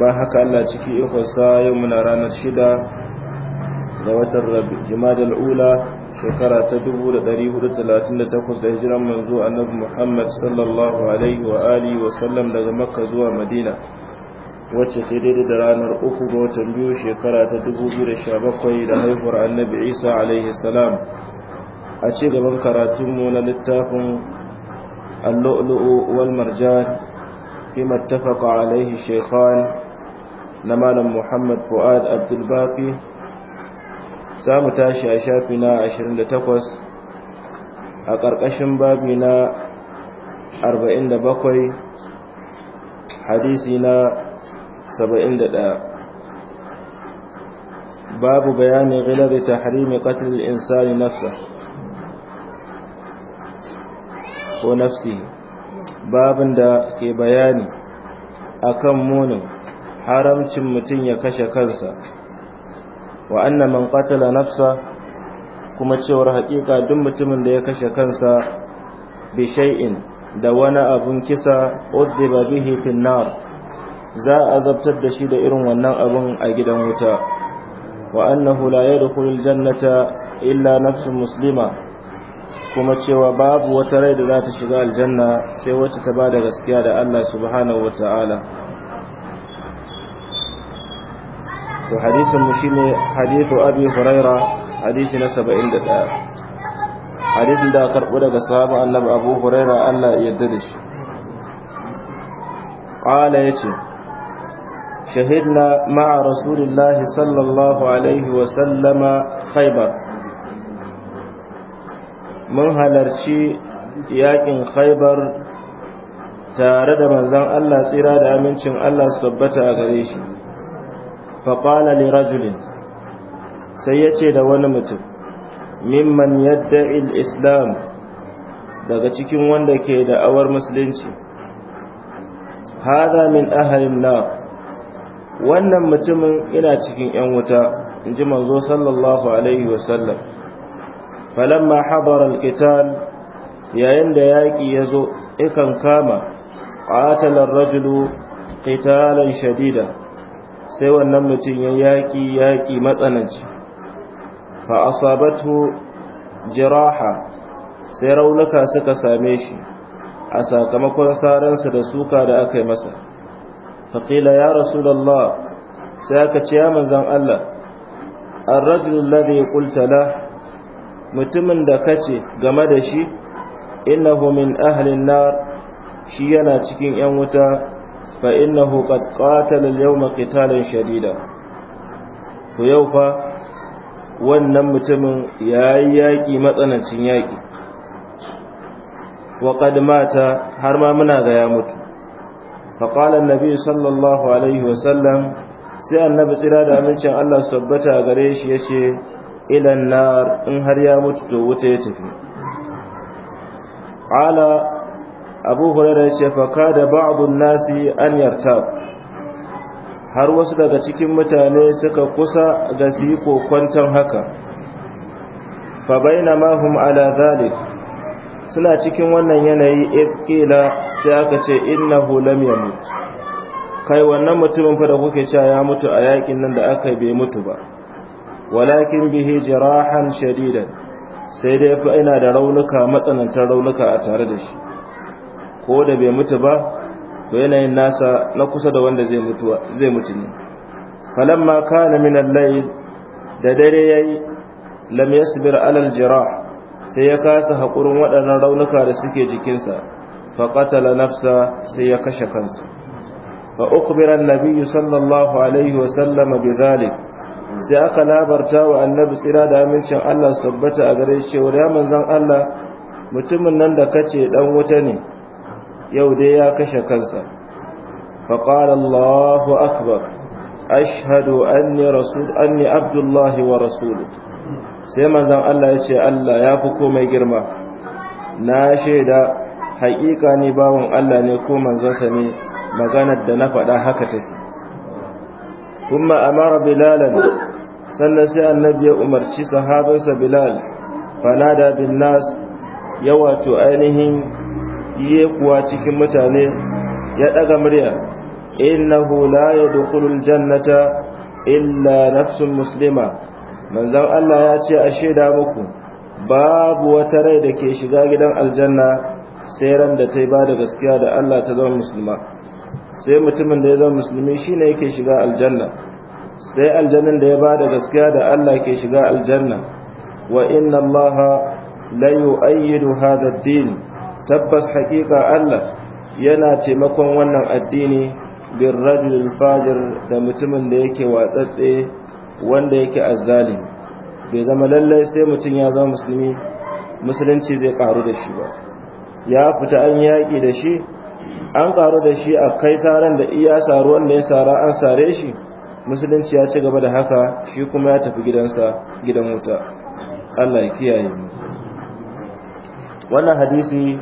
ba haka Allah ciki ikonsa yau muna ranar shida da watan jimadal ula shekara ta 438 da hijiran manzo annabi Muhammad sallallahu alaihi wa alihi wa sallam daga Makka zuwa Madina wacce ce daidai da ranar uku ga watan biyu shekara ta 2017 da haihuwar annabi Isa alaihi salam a ci gaban karatunmu na littafin Al-Lu'lu'u wal Marjan fi mattafaqa alaihi shaykhan na malam muhammad fu'ad abdulbaki za mu tashi a shafi na 28 a ƙarƙashin babi na 47 hadisi na 71 babu bayani ghilabi tahrimi qatl al-insani nafsa ko nafsi babin da ke bayani akan munin haramcin mutum ya kashe kansa wa annan man qatala nafsa kuma cewar hakika duk mutumin da ya kashe kansa bi shay'in da wani abun kisa udhiba bihi fin nar za a zabtar da shi da irin wannan abun a gidan wuta wa annahu la yadkhulul jannata illa nafsun muslima kuma cewa babu wata rai da za ta shiga aljanna sai wacce ta ba da gaskiya da Allah subhanahu wataala to hadisin mu shine hadithu abi huraira hadisi na 71 hadisin da karbo daga sahaba annabi abu huraira Allah ya yarda da shi qala yace shahidna ma'a rasulillahi sallallahu alaihi wa sallama khaybar mun halarci yakin khaybar tare da manzon Allah tsira da amincin Allah su tabbata a gare shi faƙala li rajulin sai ya ce da wani mutum mimman yadda islam daga cikin wanda ke da awar musulunci haza min ahalin na wannan mutumin ina cikin 'yan wuta in ji manzo sallallahu alaihi wasallam falamma habara alqital yayin da yaki yazo ikan kama qatala ar-rajulu qitalan shadida sai wannan mutum ya yaƙi yaƙi matsananci fa asabatu jiraha sai raunuka suka same shi a sakamakon saransa da suka da aka yi masa faƙila ya rasulallah sai aka ce ya manzan Allah an rajulun lade ƙultala mutumin da ka ce, game da shi innahu min ahalin nar shi yana cikin 'yan wuta فإنه قد قاتل اليوم قتالا شديدا فيوفى wannan mutumin ya yi yaƙi matsanancin yaƙi waƙad mata har ma muna ga ya mutu faƙalar nabi sallallahu alaihi sallam, sai annabi tsira da amincin allah su tabbata a gare shi ya ce ilan nar in har ya mutu to wuta ya tafi ala abu hurairah ce fa da ba'dun nasi an yarta har wasu daga cikin mutane suka kusa ga su yi haka fa bainama hum ala zalik suna cikin wannan yanayi ƙila sai aka ce innahu lam yamut kai wannan mutumin fa da kuke cewa ya mutu a yakin nan da aka bai mutu ba walakin bihi jirahan shadidan sai dai fa ina da raunuka matsanantar raunuka a tare da shi ko da bai mutu ba to yanayin nasa na kusa da wanda zai mutu zai mutu ne falamma kana min al-layl da dare yayi lam yasbir ala al-jirah sai ya kasa hakurin waɗannan raunuka da suke jikinsa fa qatala nafsa sai ya kashe kansa fa ukhbira an-nabiy sallallahu alaihi wa sallam dhalik sai aka labarta wa annabi tsira da amincin Allah su tabbata a gare shi cewa ya manzon Allah mutumin nan da kace dan wuta ne yau dai ya kashe kansa faƙala Allahu akbar ashhadu anni rasul anni abdullahi wa rasuluhu sai manzon Allah ya ce Allah ya fi komai girma na shaida haƙiƙa ne bawan Allah ne ko manzonsa ne maganar da na faɗa haka take kuma amara bilalan sannan sai annabi ya umarci sahabansa bilal fanada bin nas wato ainihin ye kuwa cikin mutane ya daga murya innahu la yadkhulul jannata illa nafsun muslima manzon Allah ya ce a sheda muku babu wata rai da ke shiga gidan aljanna sai ran da ta yi ba gaskiya da Allah ta zama musulma sai mutumin da ya zama musulmi shine yake shiga aljanna sai aljannan da ya bada gaskiya da Allah ke shiga aljanna wa inna allaha la yu'ayyidu hadha ad-din tabbas hakika Allah yana taimakon wannan addini bin rajulul fajir da mutumin da yake watsatse wanda yake azzali bai zama lallai sai mutum ya zama musulmi musulunci zai karu da shi ba ya fita an yaƙi da shi an karu da shi a kai saran da iya saru wanda ya sara an sare shi musulunci ya ci gaba da haka shi kuma ya tafi gidansa gidan wuta Allah ya kiyaye mu wannan hadisi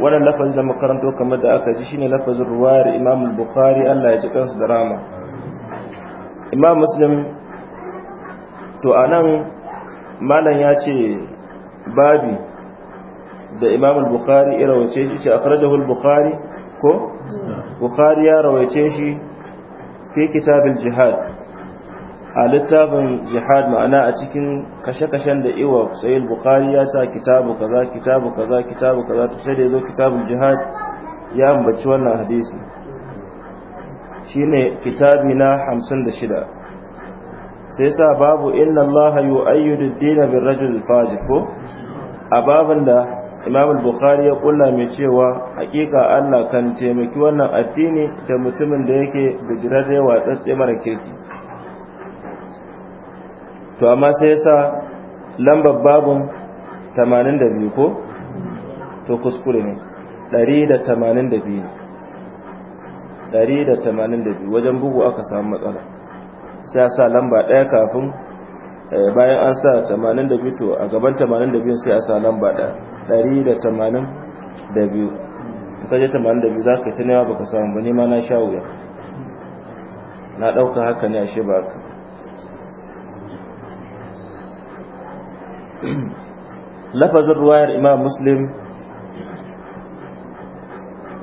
wannan lafazin da makaranto kamar da aka ji shine lafazin ruwayar Imam bukhari Allah ya ji kansu da rama Imam Muslim to anan malam ya ce babi da Imam bukhari ya shi ce akhrajahu al-Bukhari ko hmm. Bukhari ya rawaice shi fi kitabil jihad a littafin jihad ma'ana a cikin kashe-kashen da iwa sayil bukari ya sa kitabu kaza kitabu kaza kitabu kaza ta sai da zo kitabun jihad ya ambaci wannan hadisi shine kitabi na 56 sai sa babu inna allaha yu'ayyidu ad-dina bir rajul fajir ko a babin da imam bukhari ya kulla mai cewa hakika Allah kan taimaki wannan addini da mutumin da yake bijirarre tsatse mara kirki to amma sai yasa lambar babun 82 ko to kuskure ne 182 182 wajen bugu aka samu matsala sai a sa lamba ɗaya kafin eh, bayan an sa 82 to a gaban 82 sai ya sa lamba ɗaya 182 kaje 82 za ka ta ba baka samu ba ma na sha wuya na ɗauka haka ne shi ba ka lafazin ruwayar imam muslim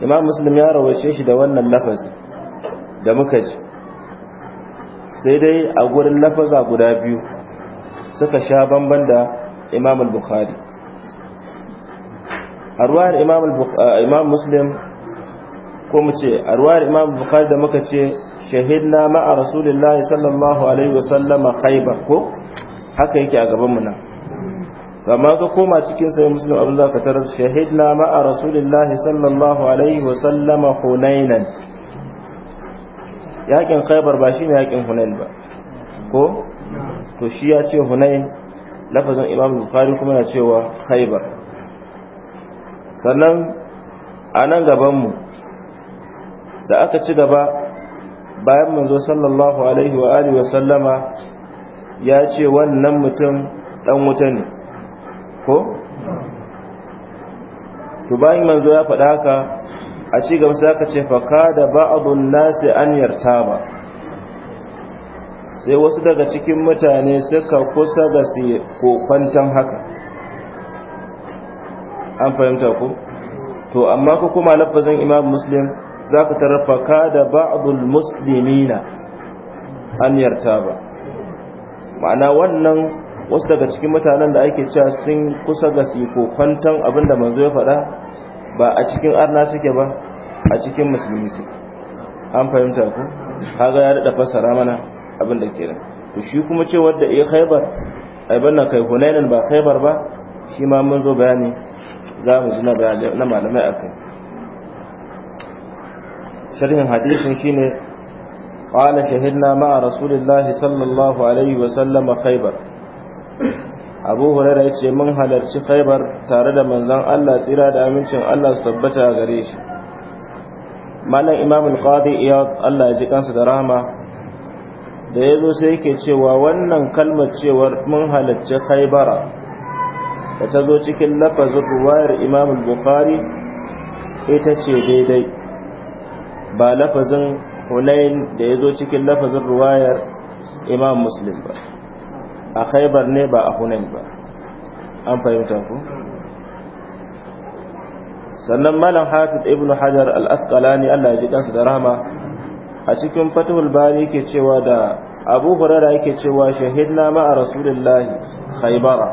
imam muslim ya rawace shi da wannan lafazi da muka ji sai dai a gurin lafaza guda biyu suka sha bamban da imam al-bukhari a ruwayar imam muslim ko mu ce a ruwayar imam bukhari da muka ce shahid na ma'a rasulullahi sallallahu alaihi wasallama khaibar ko haka yake a gabanmu na? amma ka koma cikin sai muslim abin zaka tarar shahidna a rasulillahi sallallahu alaihi wa sallama hunainan yakin khaybar ba shine yakin hunain ba ko to shi ya ce hunain lafazin imam bukhari kuma na cewa khaybar sannan a nan gaban mu da aka ci gaba bayan manzo sallallahu alaihi wa alihi wa sallama ya ce wannan mutum dan wuta ne ko to bayan manzo ya faɗa haka a ci gaba sai aka ce faka da ba'adun nasi an yarta ba sai wasu daga cikin mutane suka kusa ga su kokwantan haka an fahimta ku to amma ku kuma lafazin imam muslim za ka tarar faka da ba'adun muslimina an yarta ba ma'ana wannan wasu daga cikin mutanen da ake cewa sun kusa ga ko kwantan abin da manzo ya faɗa ba a cikin arna suke ba a cikin musulmi su an fahimta ku kaga ya daɗa fassara mana abin da ke nan to shi kuma cewa da iya khaybar ai banna kai hunainan ba khaybar ba shi ma mun zo bayani za mu ji na malamai a kai sharhin hadisin shine شهدنا مع رسول الله صلى الله عليه وسلم خيبر abu hurairah yace mun halarci khaybar tare da manzon Allah tsira da amincin Allah su tabbata gare shi malam imam al-qadi iyad Allah ya ji kansa da rahama da yazo sai yake cewa wannan kalmar cewar mun halarci khaybara da ta zo cikin lafazin ruwayar imam bukhari ita ce daidai ba lafazin hunain da ya zo cikin lafazin ruwayar imam muslim ba a khaibar ne ba a hunain ba an fahimta ku sannan malam hafiz ibn hajar al-asqalani Allah ya ji kansa da rahama a cikin fatihul bari yake cewa da abu hurara yake cewa shahidna ma'a rasulillahi Khaibara.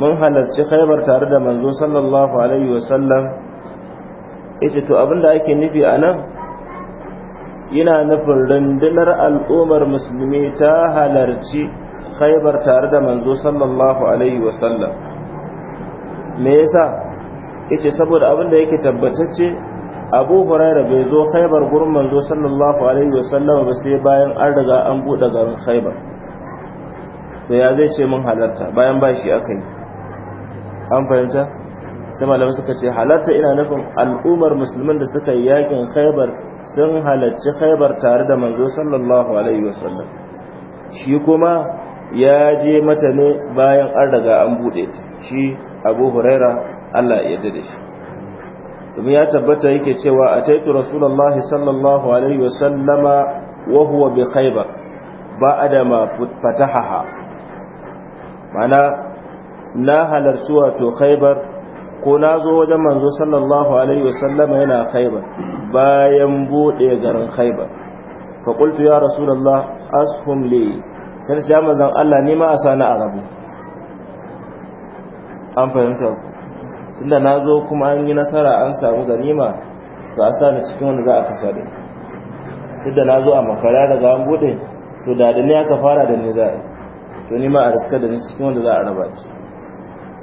mun halarci khaibar tare da manzo sallallahu alaihi sallam. yace to abinda ake nufi anan yana nufin rundunar al'ummar musulmi ta halarci khaybar tare da manzo sallallahu alaihi wasallam me yasa yace saboda abin da yake tabbatacce abu Hurairah bai zo khaybar gurin manzo sallallahu alaihi wasallam ba sai bayan an riga an bude garin khaybar sai ya zai ce mun halarta bayan ba shi aka yi an fahimta sai malamai suka ce halarta ina nufin al'ummar musulmin da suka yi yakin khaibar sun halarci khaybar tare da manzo sallallahu alaihi wasallam shi kuma ya je mata ne bayan an daga an buɗe ta shi abu huraira allah ya yarda da shi kuma ya tabbata yake cewa a taitu rasulallah sallallahu alaihi wasallama wa huwa bi khaibar ba a da ma fatahaha mana na halarci wato khaibar ko na zo wajen manzo sallallahu alaihi wasallama yana khaibar bayan bude garin khaibar qultu ya rasulallah ashum li sai da shaman zan Allah ma a sani a rabu an fahimta ku tunda na zo kuma an yi nasara an samu ganima ba a sani cikin wanda za a kasa da tunda na zo a makara daga an bude to da da ne aka fara da ni za a to nima a riska da ni cikin wanda za a raba ki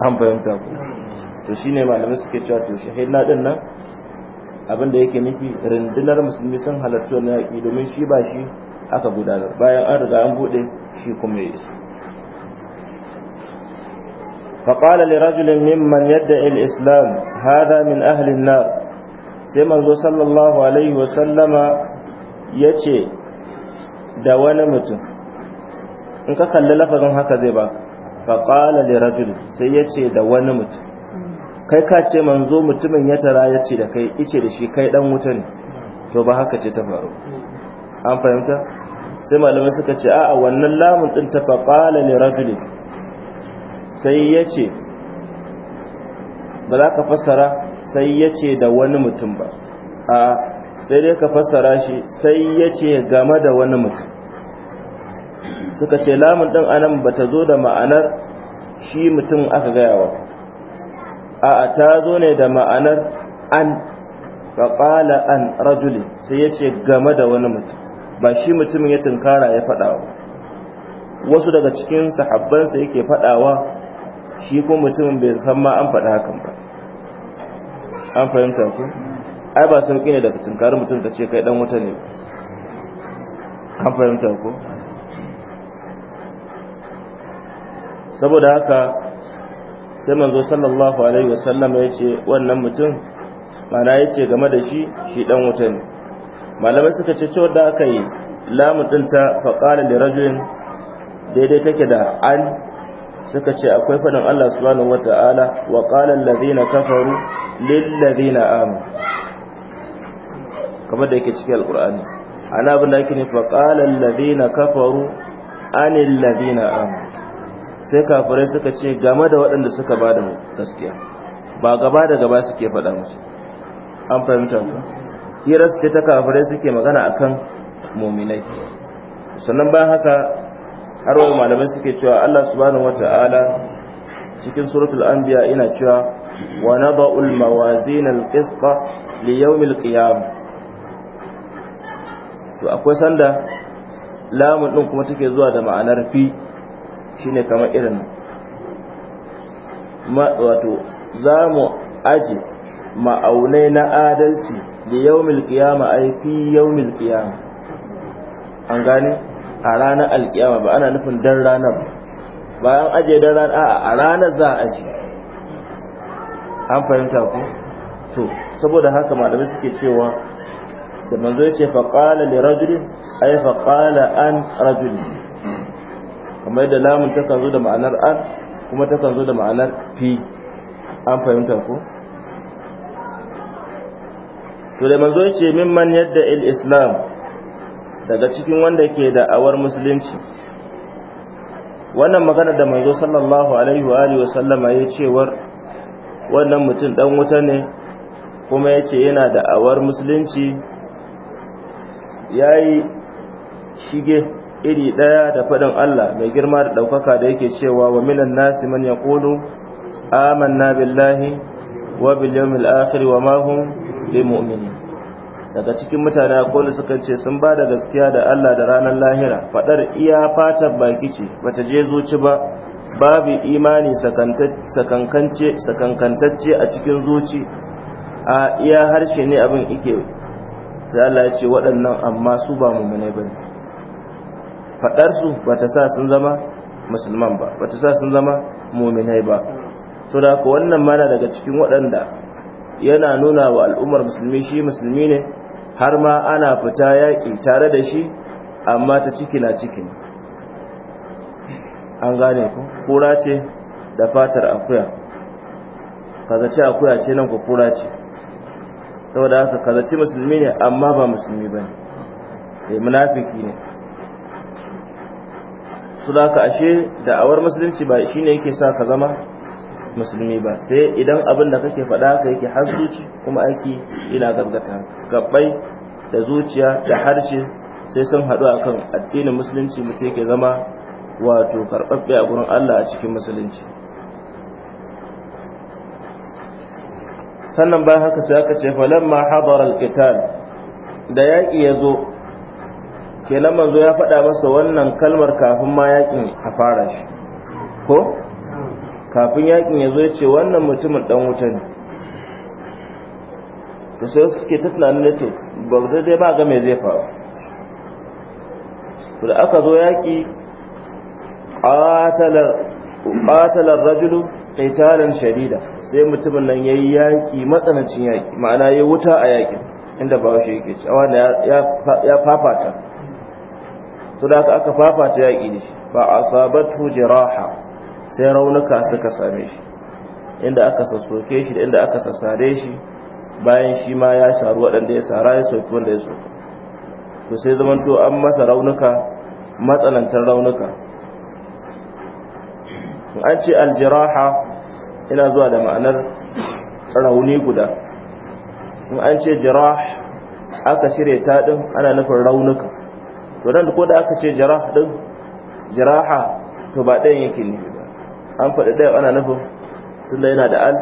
an fahimta ku to shine malamai suke cewa to shahidna din nan abin da yake nufi rundunar musulmi sun halarci wani yaƙi domin shi ba shi aka gudanar bayan an riga an buɗe shi kuma ya isa faƙala lirajulin mimman yadda il-islam hada min ahalin nar sai manzo sallallahu alaihi wasallama ya ce da wani mutum in ka kalli lafazin haka zai ba faƙala lirajulin sai ya ce da wani mutum kai ka ce manzo mutumin ya tara ya ce da kai ice da shi kai dan wuta ne to ba haka ce ta faru an fahimta sai malamai suka ce a'a wannan lamun din ta faqala li rajuli sai yace ba za ka fassara sai yace da wani mutum ba a sai dai ka fassara shi sai yace game da wani mutum suka ce lamun din anan bata zo da ma'anar shi mutum aka gaya wa a ta zo ne da ma'anar an faqala an rajuli sai yace game da wani mutum ba shi mutumin ya tunkara ya fadawa, wasu daga cikin sahabbansa yake fadawa shi ko mutumin bai san ma an fada hakan ba an fahimta ku ai ba sauƙi ne daga tunkarar mutum ka ce kai dan wuta ne an fahimta ku saboda haka sai manzo sallallahu alaihi wasallam ya ce wannan mutum mana ya ce game da shi shi dan wuta ne malamai suka ce cewa da aka yi lamun din ta faqala li rajulin daidai take da an suka ce akwai fadin Allah subhanahu wata'ala wa qala allazina kafaru lil ladina amanu kamar da yake cikin alqur'ani ana abin da yake ne faqala allazina kafaru anil ladina amanu sai kafirai suka ce game da waɗanda suka bada gaskiya ba gaba da gaba suke faɗa musu an fahimta ku hirar ce ta kafirai suke magana a kan muminai sannan bayan haka har wani malamai suke cewa Allah subhanahu wata'ala cikin suratul anbiya ina cewa wa nada'ul mawazin zinar qisqa li yawmil qiyam to akwai sanda lamun din kuma take zuwa da ma'anar fi shine kamar irin wato za mu aji ma'aunai na adalci da yawmil a yi fi yawmil qiyama an gane a ranar alkiyama ba ana nufin dan ranar ba an ajiye dan ranar a ranar za a aje an fahimta ku to saboda haka malamai suke cewa da manzo ya ce faqala li rajulin ay faqala an rajulin kamar da lamun ta kan zo da ma'anar an kuma ta kan zo da ma'anar fi an fahimta ko to da manzo yace mimman yadda al-islam daga cikin wanda ke da awar musulunci wannan magana da manzo sallallahu alaihi wa alihi wasallama ya cewar wannan mutum dan wuta ne kuma yace yana da awar musulunci yayi shige iri daya da fadin Allah mai girma da daukaka da yake cewa wa minan nasi man yaqulu amanna billahi wa bil yawmil akhir wa ma hum lil mu'minin daga cikin mutane akwai suka ce sun ba da gaskiya da Allah da ranar lahira fadar iya fatar baki ce bata je zuci ba babu imani sakankance sakankantacce a cikin zuci a iya harshe ne abin ike sai Allah ya ce waɗannan amma su ba mu'mine bane fadar su bata sa sun zama musulman ba bata sa sun zama mu'minai ba ko wannan mana daga cikin waɗanda yana nuna wa al'ummar musulmi shi musulmi ne har ma ana fita yaƙi tare da shi amma ta ciki na ciki an gane ku kura ce da fatar akuya kazace akuya ce nan ku kura ce saboda haka kazace musulmi ne amma ba musulmi ba ne eh, munafiki ne su da ashe da'awar musulunci ba shi ne yake sa ka zama musulmi ba sai idan abin da kake faɗa ka yake har zuci kuma aiki ina gaggata. gabbai da zuciya da harshe sai sun haɗu a kan addinin musulunci mace ke zama wato karɓaɓɓe a gurin Allah a cikin musulunci sannan bayan haka sai aka ce falamma hadara alqital da yaƙi ya zo ke manzo ya faɗa masa wannan kalmar kafin ma yaƙin a fara shi ko kafin yakin ya zo ya ce wannan mutumin dan wuta ne da sai suke ta tunanin ne to ba dai ba ga mai zai faru da aka zo yaki qatala ar-rajulu qitalan shadida sai mutumin nan yayi yaki matsanancin yaki ma'ana ya wuta a yaki inda ba shi yake wannan ya fafata to da aka fafata yaki ne ba asabatu jiraha sai raunuka suka same shi inda aka sassoke shi da inda aka sassare shi bayan shi ma ya saru waɗanda ya sara ya soki wanda ya soki to sai zamanto an masa raunuka matsanantar raunuka an ce aljiraha ina zuwa da ma'anar rauni guda in an ce jirah aka shirya ta din ana nufin raunuka to nan ko da aka ce jirah din jiraha to ba ɗayan yake ne an faɗi ɗaya ana nufin tun yana da al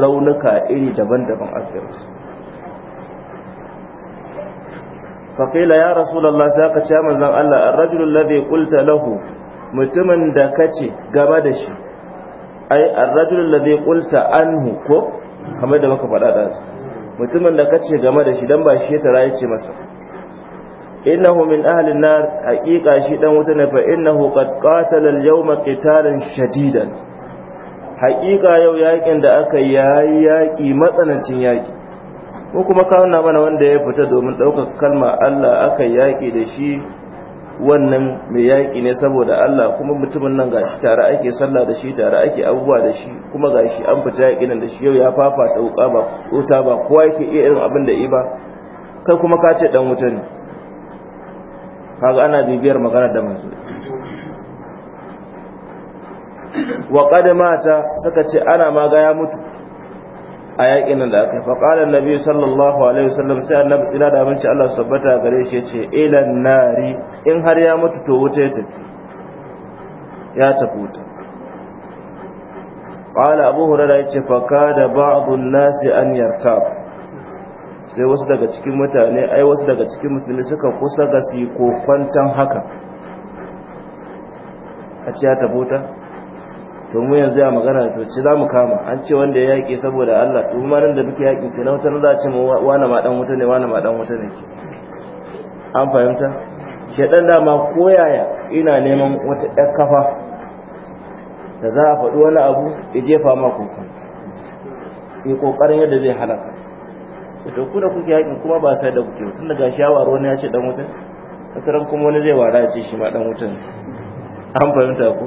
raunuka iri daban-daban afirka faƙila ya rasu rasulallah sai aka ce manzon Allah ar-rajulul ladhi ƙulta lahu mutumin da ka ce gaba da shi ai ar-rajulul ƙulta an anhu ko kamar da maka faɗa mutumin da ka ce game da shi don ba shi ya tara ce masa innahu min ahli nar haqiqa shi dan wuta ne fa innahu qad qatala al-yawma qitalan shadidan haqiqa yau yakin da aka yayi yaki matsanancin yaki ko kuma ka nuna mana wanda ya fita domin daukar kalma Allah aka yaki da shi wannan mai yaki ne saboda Allah kuma mutumin nan gashi tare ake sallah da shi tare ake abubuwa da shi kuma gashi an fita nan da shi yau ya fafa dauka ba ta ba kowa yake iya irin abin da yi ba kai kuma ka ce dan wuta ne kaga ana bibiyar magana da manzo wa qad mata suka ce ana ma ga ya mutu a yakin da aka fa qala annabi sallallahu alaihi wasallam sai annabi tsira da abinci Allah sabbata gare shi yace ilan nari in har ya mutu to wuce ta ya tafi wuta qala abu hurairah yace fa kada ba'dhu an-nasi an yartab sai wasu daga cikin mutane ai wasu daga cikin musulmi suka kusa ga su ko kwantan haka a ciya ta bota to mu yanzu ya magana to ci za mu kama an ce wanda ya yaƙi saboda Allah to ma nan da muke yaƙi ce na wutar za a ce mu wani ma dan wuta ne wani ma dan wuta ne an fahimta shaɗan dama koyaya ina neman wata ɗan kafa da za a faɗi wani abu ya jefa ma kokon ya ƙoƙarin yadda zai halaka to ku da kuke yakin kuma ba sai da kuke tun daga shi yawar wani ya ce dan wutan akaran kuma wani zai wara ya ce shi ma dan wutan an fahimta ku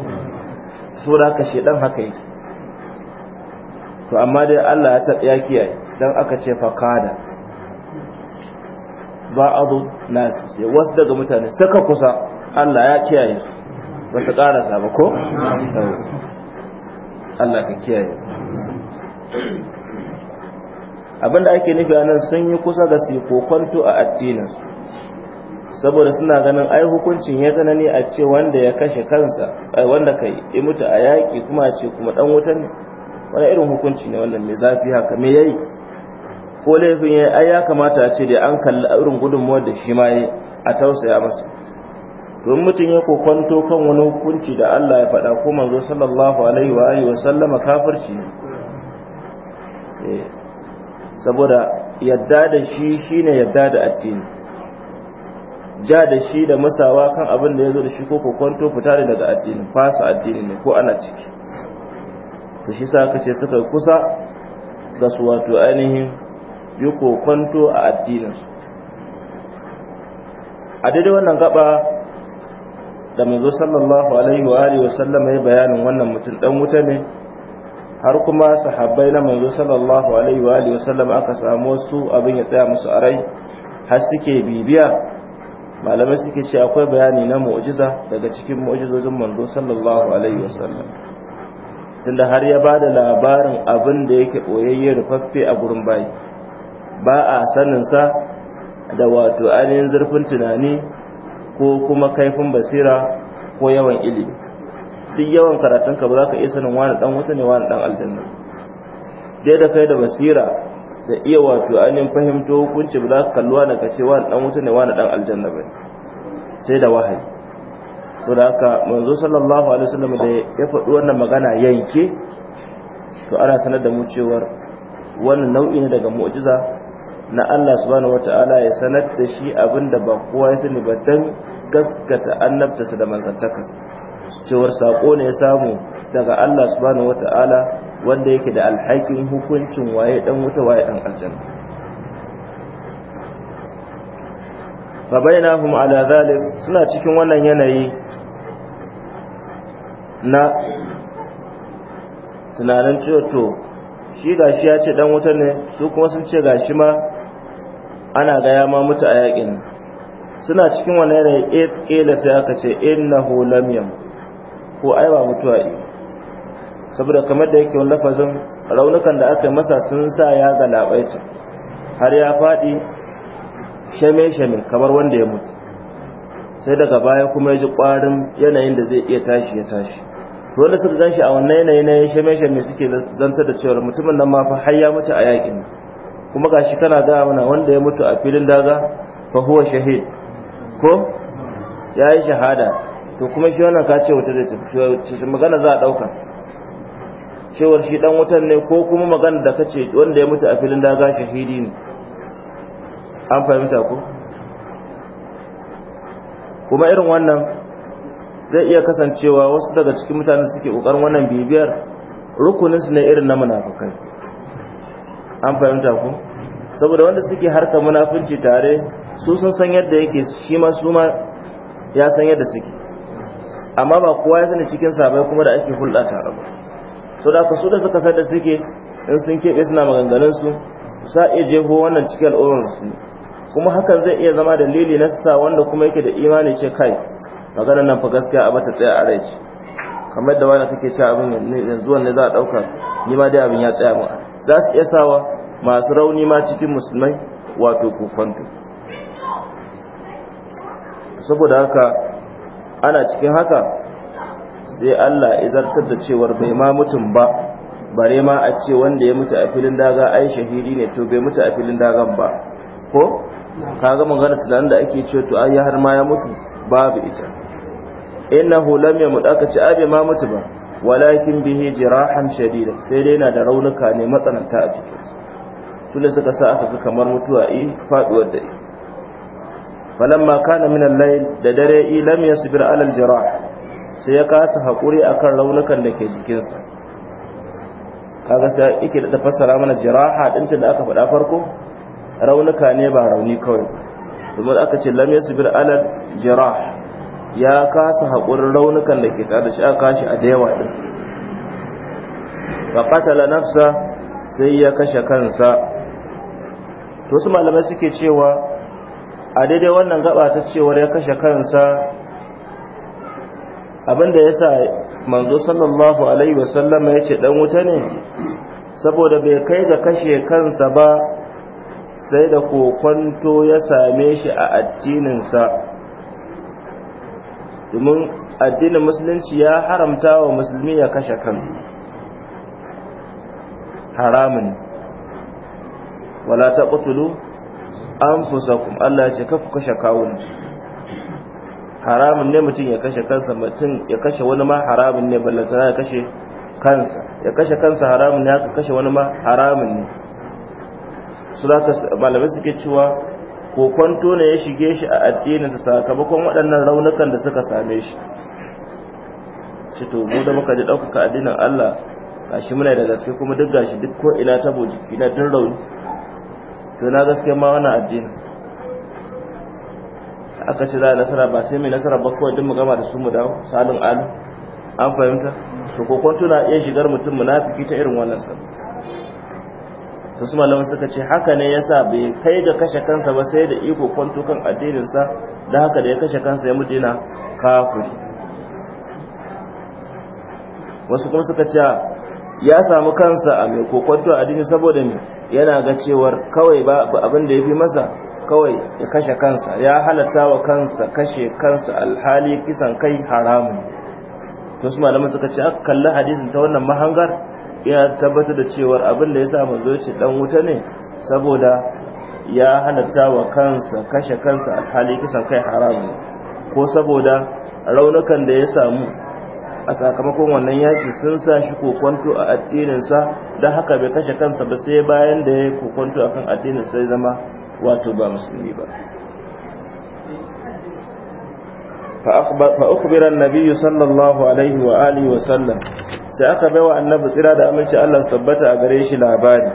saboda da haka shedan haka yake to amma dai Allah ya ta ya kiyaye dan aka ce fa ba abu nas sai wasu daga mutane saka kusa Allah ya kiyaye su ba su karasa ba ko Allah ka kiyaye abinda ake nufi nan sun yi kusa ga su a addininsu saboda suna ganin ai hukuncin ya tsanani a ce wanda ya kashe kansa ai wanda kai ya mutu a yaƙi kuma a ce kuma dan wuta ne wani irin hukunci ne wannan mai zafi haka me yayi ko laifin yayi ai ya kamata a ce da an kalli irin gudunmuwar da shi ma yayi a tausaya masa don mutum ya kokwanto kan wani hukunci da Allah ya faɗa ko manzo sallallahu alaihi wa alihi wa sallama kafirci ne eh. saboda yadda da shi shi ne yadda da addini ja da shi da masawa kan abin da ya zo da shi ko kokonto fita da daga addini fasa addini ne ko ana ciki to shi sa aka ce suka kusa ga su wato ainihin yi kokonto a addininsu a daidai wannan gaba da manzo sallallahu alaihi wa alihi wa sallama ya bayanin wannan mutum dan wuta ne har kuma sahabbai na manzo sallallahu alaihi wa alihi wasallam aka samu wasu abin ya tsaya musu a rai har suke bibiya malamai suke ce akwai bayani na mu'jiza daga cikin mu'jizojin manzo sallallahu alaihi wasallam tunda har ya bada labarin abin da yake boyayye rufaffe a gurin bayi ba a sanin sa da wato ainihin zurfin tunani ko kuma kaifin basira ko yawan ilimi duk yawan karatun ka ba za ka iya sanin wani dan wuta ne wani dan aljanna dai da kai da basira da iya wato ainihin fahimto hukunci ba za ka kalli wani ka ce wani dan wuta ne wani dan aljanna ba sai da wahayi to da haka manzo sallallahu alaihi wasallam da ya faɗi wannan magana yanke to ana sanar da mu cewar wannan nau'i ne daga mu'jiza na Allah subhanahu wataala ya sanar da shi abinda ba kowa ya sani ba dan gaskata annabta da manzantakas cewar sako ne ya samu daga Allah subhanahu wata'ala wanda yake da alhakin hukuncin waye dan wuta waye dan aljanna fa bainahum ala zalim suna cikin wannan yanayi na tunanin cewa to shi gashi ya ce dan wuta ne su kuma sun ce gashi ma ana ga ya ma mutu a yakin suna cikin wannan yanayi ƙila eh, eh, sai aka ce innahu lam yamut ko ai ba mutuwa yi saboda kamar da yake wani lafazin raunukan da aka masa sun sa ya galabaita har ya faɗi shame-shame kamar wanda ya mutu sai daga baya kuma ya ji ƙwarin yanayin da zai iya tashi ya tashi wanda suka zanshi a wannan yanayi na ya shame-shame suke zantar da cewar mutumin nan ma fa har ya mutu a yakin kuma gashi kana gaya mana wanda ya mutu a filin daga fa shahid ko ya yi shahada to kuma shi wannan ka ce wuta zai tafi magana za a ɗauka cewar shi dan wutan ne ko kuma magana da kace wanda ya mutu a filin daga shahidi ne an fahimta ko kuma irin wannan zai iya kasancewa wasu daga cikin mutane suke kokarin wannan bibiyar rukunin su ne irin na munafikai an fahimta ko saboda wanda suke harka munafunci tare su sun san yadda yake shi ma su ma ya san yadda suke amma ba kowa ya sani cikin sabai kuma da ake hulɗa tare ba so da ka da suka sadda suke in sun keɓe suna maganganunsu su sa iya jefo wannan cikin su, kuma hakan zai iya zama dalili na sa wanda kuma yake da imani ce kai magana nan fa gaskiya a bata tsaya a rai ce kamar da wani kake cewa abin yanzu wanne za a ɗauka ni ma dai abin ya tsaya mu za su iya sawa masu rauni ma cikin musulmai wato kokonto saboda haka ana cikin haka sai Allah izartar da cewar bai ma mutum ba bare ma a ce wanda ya mutu a filin daga ai shahidi ne to bai mutu a filin dagan ba ko ka ga magana tunanin da ake cewa to ai har ma ya mutu babu ita innahu lam yamut aka ce ai bai ma mutu ba walakin bihi jirahan shadida sai dai yana da raunuka ne matsananta a jikinsa tunda suka sa aka ga kamar mutuwa eh faduwar da falamma kana min al-layl da dare i ilam yasbir ala al-jirah sai ya kasa hakuri akan raunukan da ke jikinsa kaga sai yake da fassara mana jiraha din da aka faɗa farko raunuka ne ba rauni kawai domin aka ce lam yasbir ala al-jirah ya kasa hakurin raunukan da ke tare da shi aka kashi a da yawa din fa qatala nafsa sai ya kashe kansa to su malamai suke cewa a daidai wannan gaba ta cewar ya kashe kansa abinda ya sa manzo sallallahu alaihi wasallama ya ce dan wuta ne saboda bai kai ga kashe kansa ba sai da kokwanto ya same shi a addininsa domin addinin musulunci ya haramta wa musulmi ya kashe kansa haramun wala ta ƙutulu anfusakum Allah ya ce ku kashe kawun haramun ne mutum ya kashe kansa mutum ya kashe wani ma haramun ne ta ya kashe kansa ya kashe kansa haramun ne haka kashe wani ma haramun ne su da malamai suke cewa kokonto ne ya shige shi a addinin sa sakamakon waɗannan raunukan da suka same shi shi to mu da muka ji ɗaukaka addinin Allah gashi muna da gaske kuma duk gashi duk ko ina tabo jiki na duk rauni to na gaske ma wani addini aka ce za a nasara ba sai mai nasara ba kawai duk magama gama da su mu dawo salin alu an fahimta to kokon tuna iya shigar mutum munafiki ta irin wannan sa to su malamin suka ce haka ne yasa bai kai ga kashe kansa ba sai da iko kwanto kan addinin sa da haka da ya kashe kansa ya mudina kafiri wasu kuma suka ce ya samu kansa a mai kokon addini saboda mai. yana ga cewar kawai ba abin da ya fi masa kawai ya kashe kansa ya halatta wa kansa kashe kansa alhali kisan kai haramun to su malaman suka ce aka kalli hadisin ta wannan mahangar ya tabbatar da cewar abin da ya sa mu zoci dan wuta ne saboda ya halatta wa kansa kashe kansa alhali kisan kai haramun ko saboda raunukan da ya samu a sakamakon wannan yaki sun sa shi kokonto a addininsa don haka bai kashe kansa ba sai bayan da ya kokonto a kan addininsa ya zama wato ba musulmi ba fa'ukubira nabiyu sallallahu alaihi wa alihi wa sallam sai aka bai wa annabi tsira da aminci Allah sabbata a gare shi labari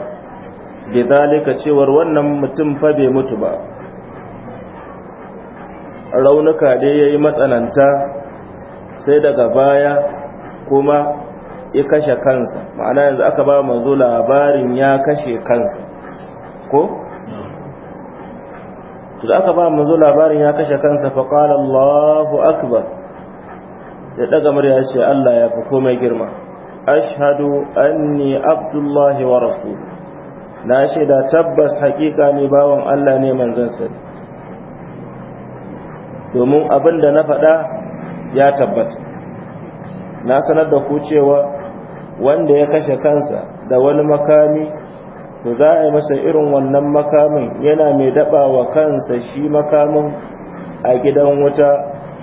da zalika cewar wannan mutum fa bai mutu ba raunuka dai ya yi matsananta sai daga baya kuma ya kashe kansa ma'ana yanzu aka ba manzo labarin ya kashe kansa ko to da aka ba manzo labarin ya kashe kansa fa qala Allahu akbar sai daga murya ya ce Allah ya fi komai girma ashhadu anni abdullahi wa rasuluhu na shaida tabbas hakika ne bawan Allah ne manzon sa domin abinda na faɗa ya tabbata na sanar da ku cewa wanda ya kashe kansa da wani makami to za a yi masa irin wannan makamin yana mai daba wa kansa shi makamin a gidan wuta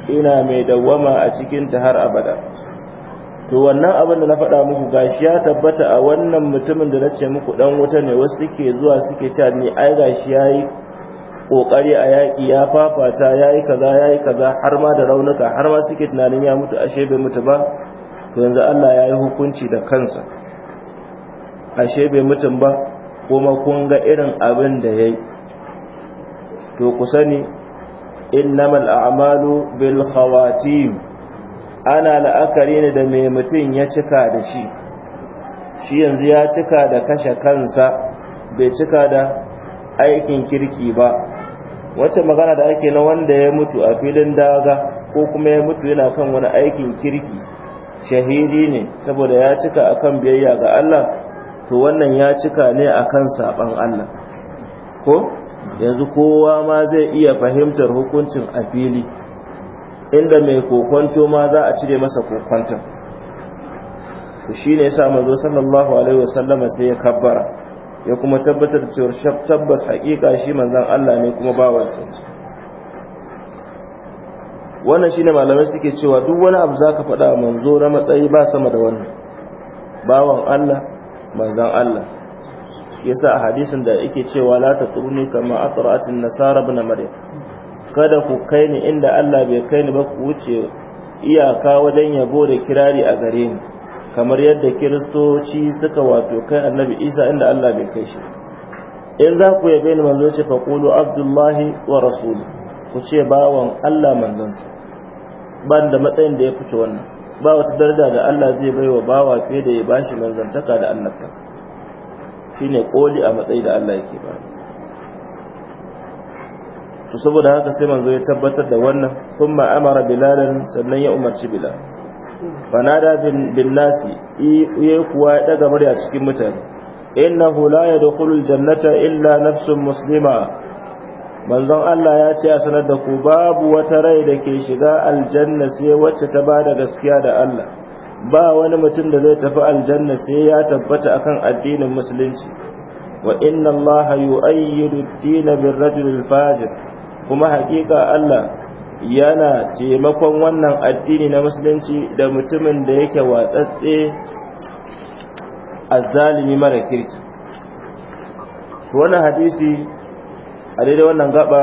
ina mai dawwama a cikin ta har abada to wannan abin da na faɗa muku gashi ya tabbata a wannan mutumin da na ce muku dan wuta ne wasu suke zuwa suke cewa ni ai gashi yayi kokari a yaƙi ya fafata ya yi kaza ya yi kaza har ma da raunuka har ma suke tunanin ya mutu ashe bai mutu ba to yanzu Allah ya yi hukunci da kansa ashe bai mutu ba kuma kun ga irin abin da ya yi to ku sani innamal a'malu bil khawatim ana la'akari ne da mai mutum ya cika da shi shi yanzu ya cika da kashe kansa bai cika da aikin kirki ba wacce magana da ake na wanda ya mutu a filin daga ko kuma ya mutu yana kan wani aikin kirki shahidi ne saboda ya cika akan biyayya ga Allah to wannan ya cika ne akan saban Allah ko yanzu kowa ma zai iya fahimtar hukuncin a fili inda mai kokonto ma za a cire masa kokonton to shine yasa manzo sallallahu alaihi wasallama sai ya kabbara ya kuma tabbatar da cewar tabbas haƙiƙa shi manzan Allah ne kuma bawansa wannan shi ne malamai suke cewa duk wani abu za ka faɗa wa manzo na matsayi ba sama da wannan bawan Allah manzan Allah yasa a hadisin da ake cewa la tatruni kama aqra'atin nasara na maryam kada ku kai ni inda Allah bai kai ni ba ku wuce iyaka wajen yabo da kirari a gare ni kamar yadda kiristoci suka wato kai annabi isa inda allah bai kai shi in za ku yabe ni manzo ce faƙulu abdullahi wa rasulu ku ce bawan allah manzansa ban da matsayin da ya fice wannan ba wata darda da allah zai bai wa bawa fiye da ya bashi manzantaka da annabta shine koli a matsayi da allah yake ba to saboda haka sai manzo ya tabbatar da wannan sun amara bilalan sannan ya umarci bilal fanada bin nasi iye kuwa ya daga murya cikin mutane innahu la yadkhulul jannata illa nafsun muslima manzon Allah ya ce a sanar da ku babu wata rai da ke shiga aljanna sai wacce ta bada gaskiya da Allah ba wani mutum da zai tafi aljanna sai ya tabbata akan addinin musulunci wa inna Allah yu'ayyidu ad-din bir rajul fajir kuma haƙiƙa Allah yana taimakon wannan addini na musulunci da mutumin da yake watsatse a zalimi mara kirki wannan hadisi a daidai wannan gaba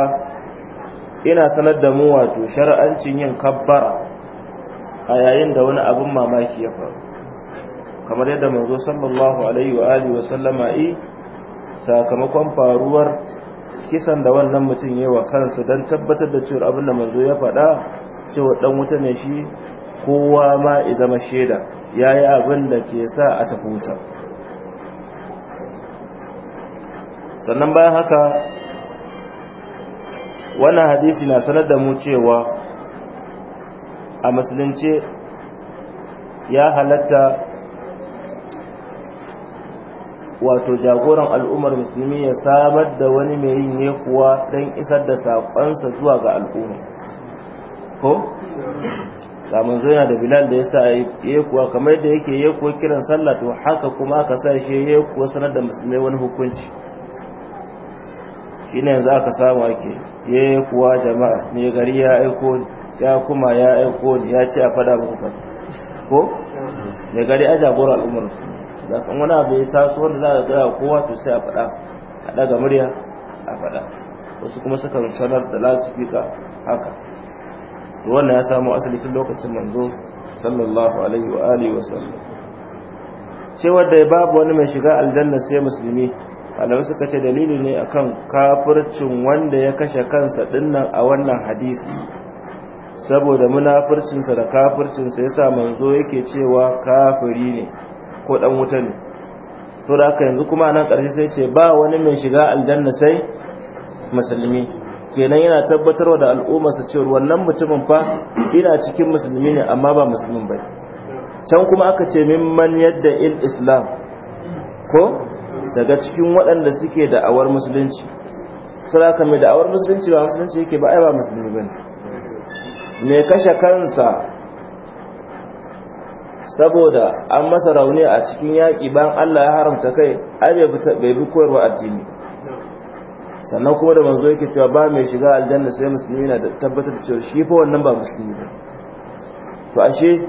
ina sanar da mu wato shara'ancin yin kabbara a yayin da wani abin mamaki ya faru kamar yadda manzo sallallahu alaihi wa alihi wa sallama yi sakamakon faruwar kisan da wannan mutum yi wa kansa don tabbatar da cewar abin da manzo ya faɗa cewa ɗan wuta ne shi kowa ma ya zama shaida ya yi abin da ke sa a tafi wuta sannan bayan haka wannan hadisi na sanar da mu cewa a musulunce ya halatta wato jagoran al'ummar musulmi ya samar da wani mai yin ne kuwa don isar da saƙonsa zuwa ga al'umma ko kamun zo yana da bilal da ya sa ya kuwa kamar da yake ya kuwa kiran sallah to haka kuma aka sa shi ya kuwa sanar da musulmai wani hukunci Shi ne yanzu aka samu ake ya kuwa jama'a ne gari ya aiko ya kuma ya aiko ya ce a fada muku ko ne gari a jagoran al'ummar musulmi da kan wani abu ya taso wanda za a gaya kowa to sai a faɗa a ɗaga murya a faɗa wasu kuma sukan sanar da lasifika haka to wannan ya samu asali tun lokacin manzo sallallahu alaihi wa alihi wa sallam cewar da babu wani mai shiga aljanna sai musulmi alawa suka ce dalili ne akan kafircin wanda ya kashe kansa dinnan a wannan hadisi saboda munafircinsa da kafircinsa yasa manzo yake cewa kafiri ne ko dan wuta ne to da haka yanzu kuma nan ƙarshe sai ce ba wani mai shiga aljanna sai musulmi kenan yana tabbatarwa da al'ummarsa cewa wannan mutumin fa ina cikin musulmi ne amma ba musulmin bai can kuma aka ce mimman yadda il islam ko daga cikin waɗanda suke da'awar musulunci saraka mai da'awar musulunci ba musulunci yake ba ai ba musulmi bane ne kashe kansa saboda an masa rauni a cikin yaƙi bayan Allah ya haramta kai ai bai bi koyarwa addini sannan kuma da manzo yake cewa ba mai shiga aljanna sai musulmi na da tabbatar da cewa shi fa wannan ba musulmi ba to ashe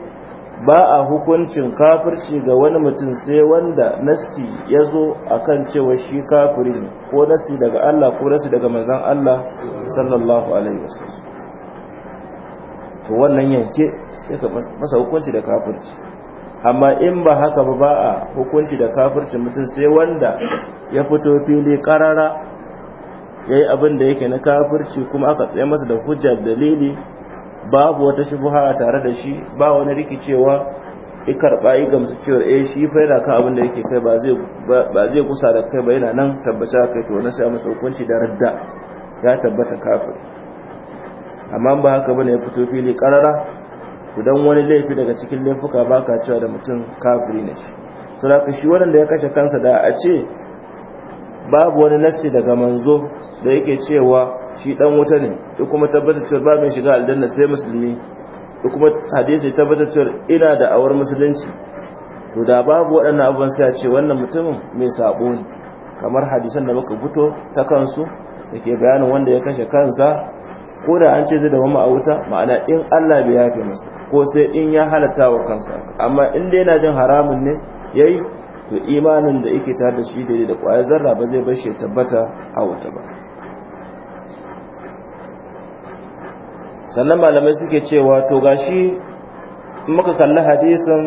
ba a hukuncin kafirci ga wani mutum sai wanda nasti ya zo a kan cewa shi kafiri ko nasti daga Allah ko nasti daga manzon Allah sallallahu alaihi wasallam to wannan yanke sai ka masa hukunci da kafirci amma in ba haka ba ba a hukunci da kafirci mutum sai wanda ya fito fili karara ya yi abin da yake na kafirci kuma aka tsaye masa da hujjar dalili babu wata shubuha tare da shi ba wani rikicewa ya karɓa yi gamsu cewar eh shi fa yana kan abin da yake kai ba zai kusa da kai ba yana nan tabbata kai to na sai masa hukunci da radda ya tabbata kafir amma ba haka bane ya fito fili karara idan wani laifi daga cikin laifuka baka cewa da mutum kafiri ne shi so da shi wanda ya kashe kansa da a ce babu wani nasi daga manzo da yake cewa shi dan wuta ne duk kuma tabbatar cewa ba mai shiga aljanna sai musulmi duk kuma hadisi tabbatar cewa ina da awar musulunci to da babu waɗannan abubuwan sai a ce wannan mutumin mai sabo ne kamar hadisan da muka fito ta kansu da ke bayanin wanda ya kashe kansa ko da an ce zai da mama a wuta ma'ana in Allah bai yafe masa ko sai in ya halatta wa kansa amma in dai yana jin haramun ne yayi to imanin da yake tare da shi daidai da kwaya zarra ba zai bar shi tabbata a wuta ba sannan malamai suke cewa to gashi muka kalli hadisin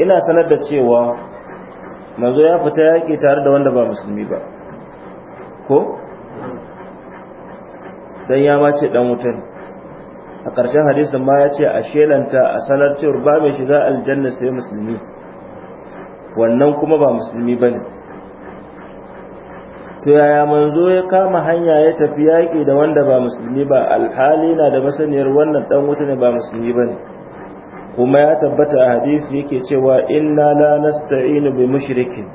ina sanar da cewa manzo ya fita yaƙi tare da wanda ba musulmi ba ko dan ya ma ce dan wuta ne a ƙarshen hadisin ma ya ce a shelanta a sanar cewar ba mai shiga aljanna sai musulmi wannan kuma ba musulmi ba ne to yaya manzo ya kama hanya ya tafi yaƙi da wanda ba musulmi ba alhali na da masaniyar wannan dan wuta ne ba musulmi ba ne kuma ya tabbata a hadisi yake cewa inna la nasta'inu bi mushrikin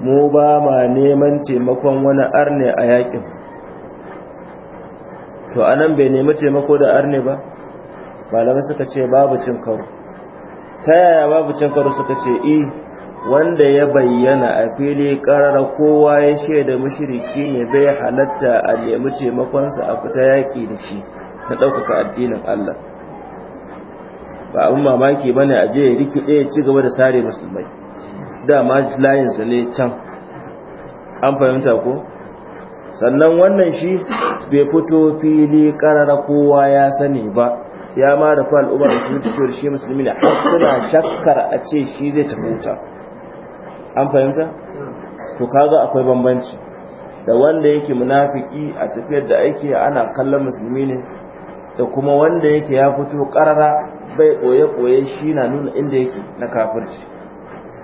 mu ba ma neman taimakon wani arne a yakin to anan bai nemi taimako da arne ba malamai suka ce babu cin karo ta yaya babu cin karo suka ce i wanda ya bayyana a fili karara kowa ya shaida mushriki ne bai halatta a nemi taimakonsa a fita yaƙi da shi na ɗaukaka addinin Allah ba abin mamaki ba ne a je ya rikide ya ci gaba da sare musulmai dama layinsa ne can an fahimta ko sannan wannan shi bai fito fili karara kowa ya sani ba ya ma da fa al'ummar da ta shi musulmi ne har suna shakkar a ce shi zai tafi wuta an fahimta to kaga akwai bambanci da wanda yake munafiki a tafiyar da ake ana kallon musulmi ne da kuma wanda yake ya fito karara bai koye koye shi na nuna inda yake na kafirci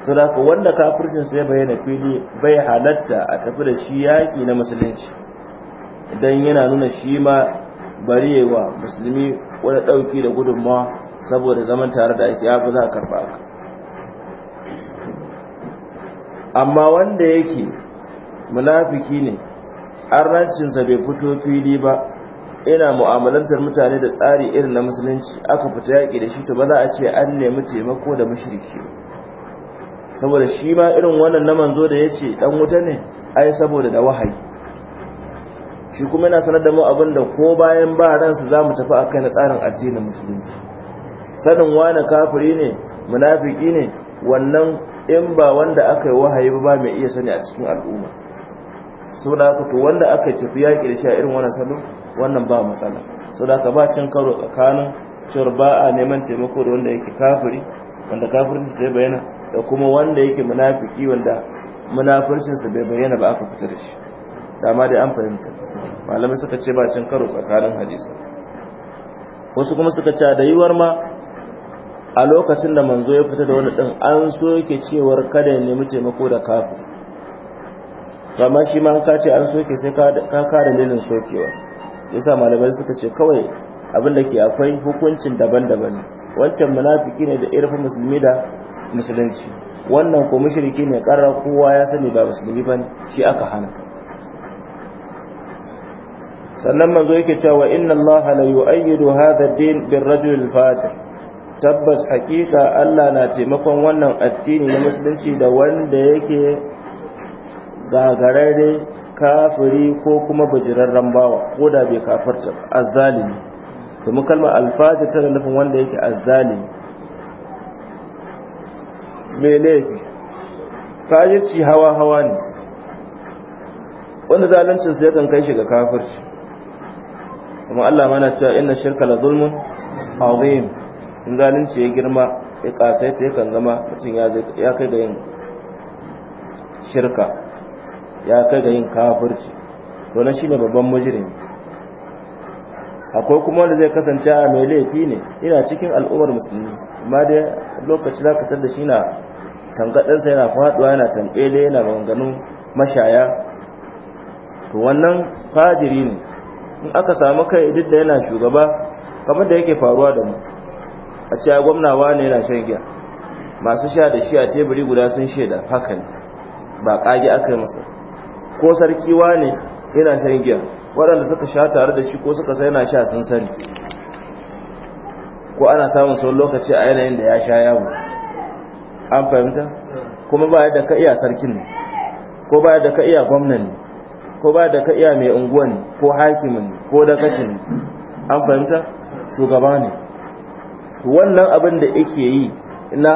saboda wanda kafircin sai bayyana fili bai halatta a tafi da shi yaƙi na musulunci idan yana nuna shi ma barewa musulmi wani ɗauki da gudunmawa saboda zaman tare da ake yafi za a karɓa ka amma wanda yake munafiki ne arnancinsa bai fito fili ba ina mu'amalantar mutane da tsari irin na musulunci aka fita yaƙi da shi to ba za a ce an nemi taimako da mashirki saboda shi ma irin wannan na manzo da ya ce dan wuta ne ai saboda da wahayi shi kuma yana sanar da mu abin da ko bayan ba ransu za mu tafi a na tsarin addinin musulunci sanin wani kafiri ne munafiki ne wannan in ba wanda aka yi wahayi ba ba mai iya sani a cikin al'umma saboda haka to wanda aka tafi yaƙi da shi a irin wannan salo wannan ba matsala saboda haka ba cin karo tsakanin cewar ba a neman taimako da wanda yake kafiri wanda kafirin sai bayyana da kuma wanda yake munafiki wanda munafircinsa bai bayyana ba aka fita da shi dama dai an fahimta malamai suka ce ba cin karo tsakanin hadisi wasu kuma suka ce da yiwuwar ma a lokacin da manzo ya fita da wani din an so yake cewar kada ya nemi taimako da kafin amma shi ma an kace an soke sai ka ka lilin sokewa yasa malamai suka ce kawai abin da ke akwai hukuncin daban-daban ne wancan munafiki ne da irfin musulmi da musulunci wannan ko mushriki ne karra kowa ya sani ba musulmi bane shi aka hana sannan manzo yake cewa inna Allah la yu'ayyidu hadha ad-din bir rajul al-fajir tabbas hakika Allah na taimakon wannan addini na musulunci da wanda yake gagararre kafiri ko kuma bajirarren bawa ko da bai kafirta azzalimi mu kalmar alfajir tana nufin wanda yake azzalimi mai laifi hawa hawa ne wanda zaluncinsa sai kan kai shi ga kafirci kuma Allah mana cewa ina shirka la zulmun azim in zalunci ya girma ya ya kan zama mutum ya kai ga yin shirka ya kai ga yin kafirci domin shi ne babban mujirimi akwai kuma wanda zai kasance a mai laifi ne yana cikin al'ummar musulmi amma dai lokaci za ka da shi na tangaɗinsa yana faɗuwa yana tamɓele yana maganganun mashaya to wannan fajiri ne in aka samu kai duk da yana shugaba kamar da yake faruwa da mu a cewa gwamnawa ne yana shan giya masu sha da shi a teburi guda sun shaida haka ne ba kage aka yi masa ko sarki ne yana shan giya waɗanda suka sha tare da shi ko suka sai yana sha sun sani ko ana samun sau lokaci a yanayin da ya sha yawo an fahimta kuma ba yadda ka iya sarkin ne ko ba yadda ka iya gwamnan ne ko ba yadda ka iya mai unguwa ne ko hakimin ne ko dakacin ne an fahimta shugaba ne wannan abin da yake yi na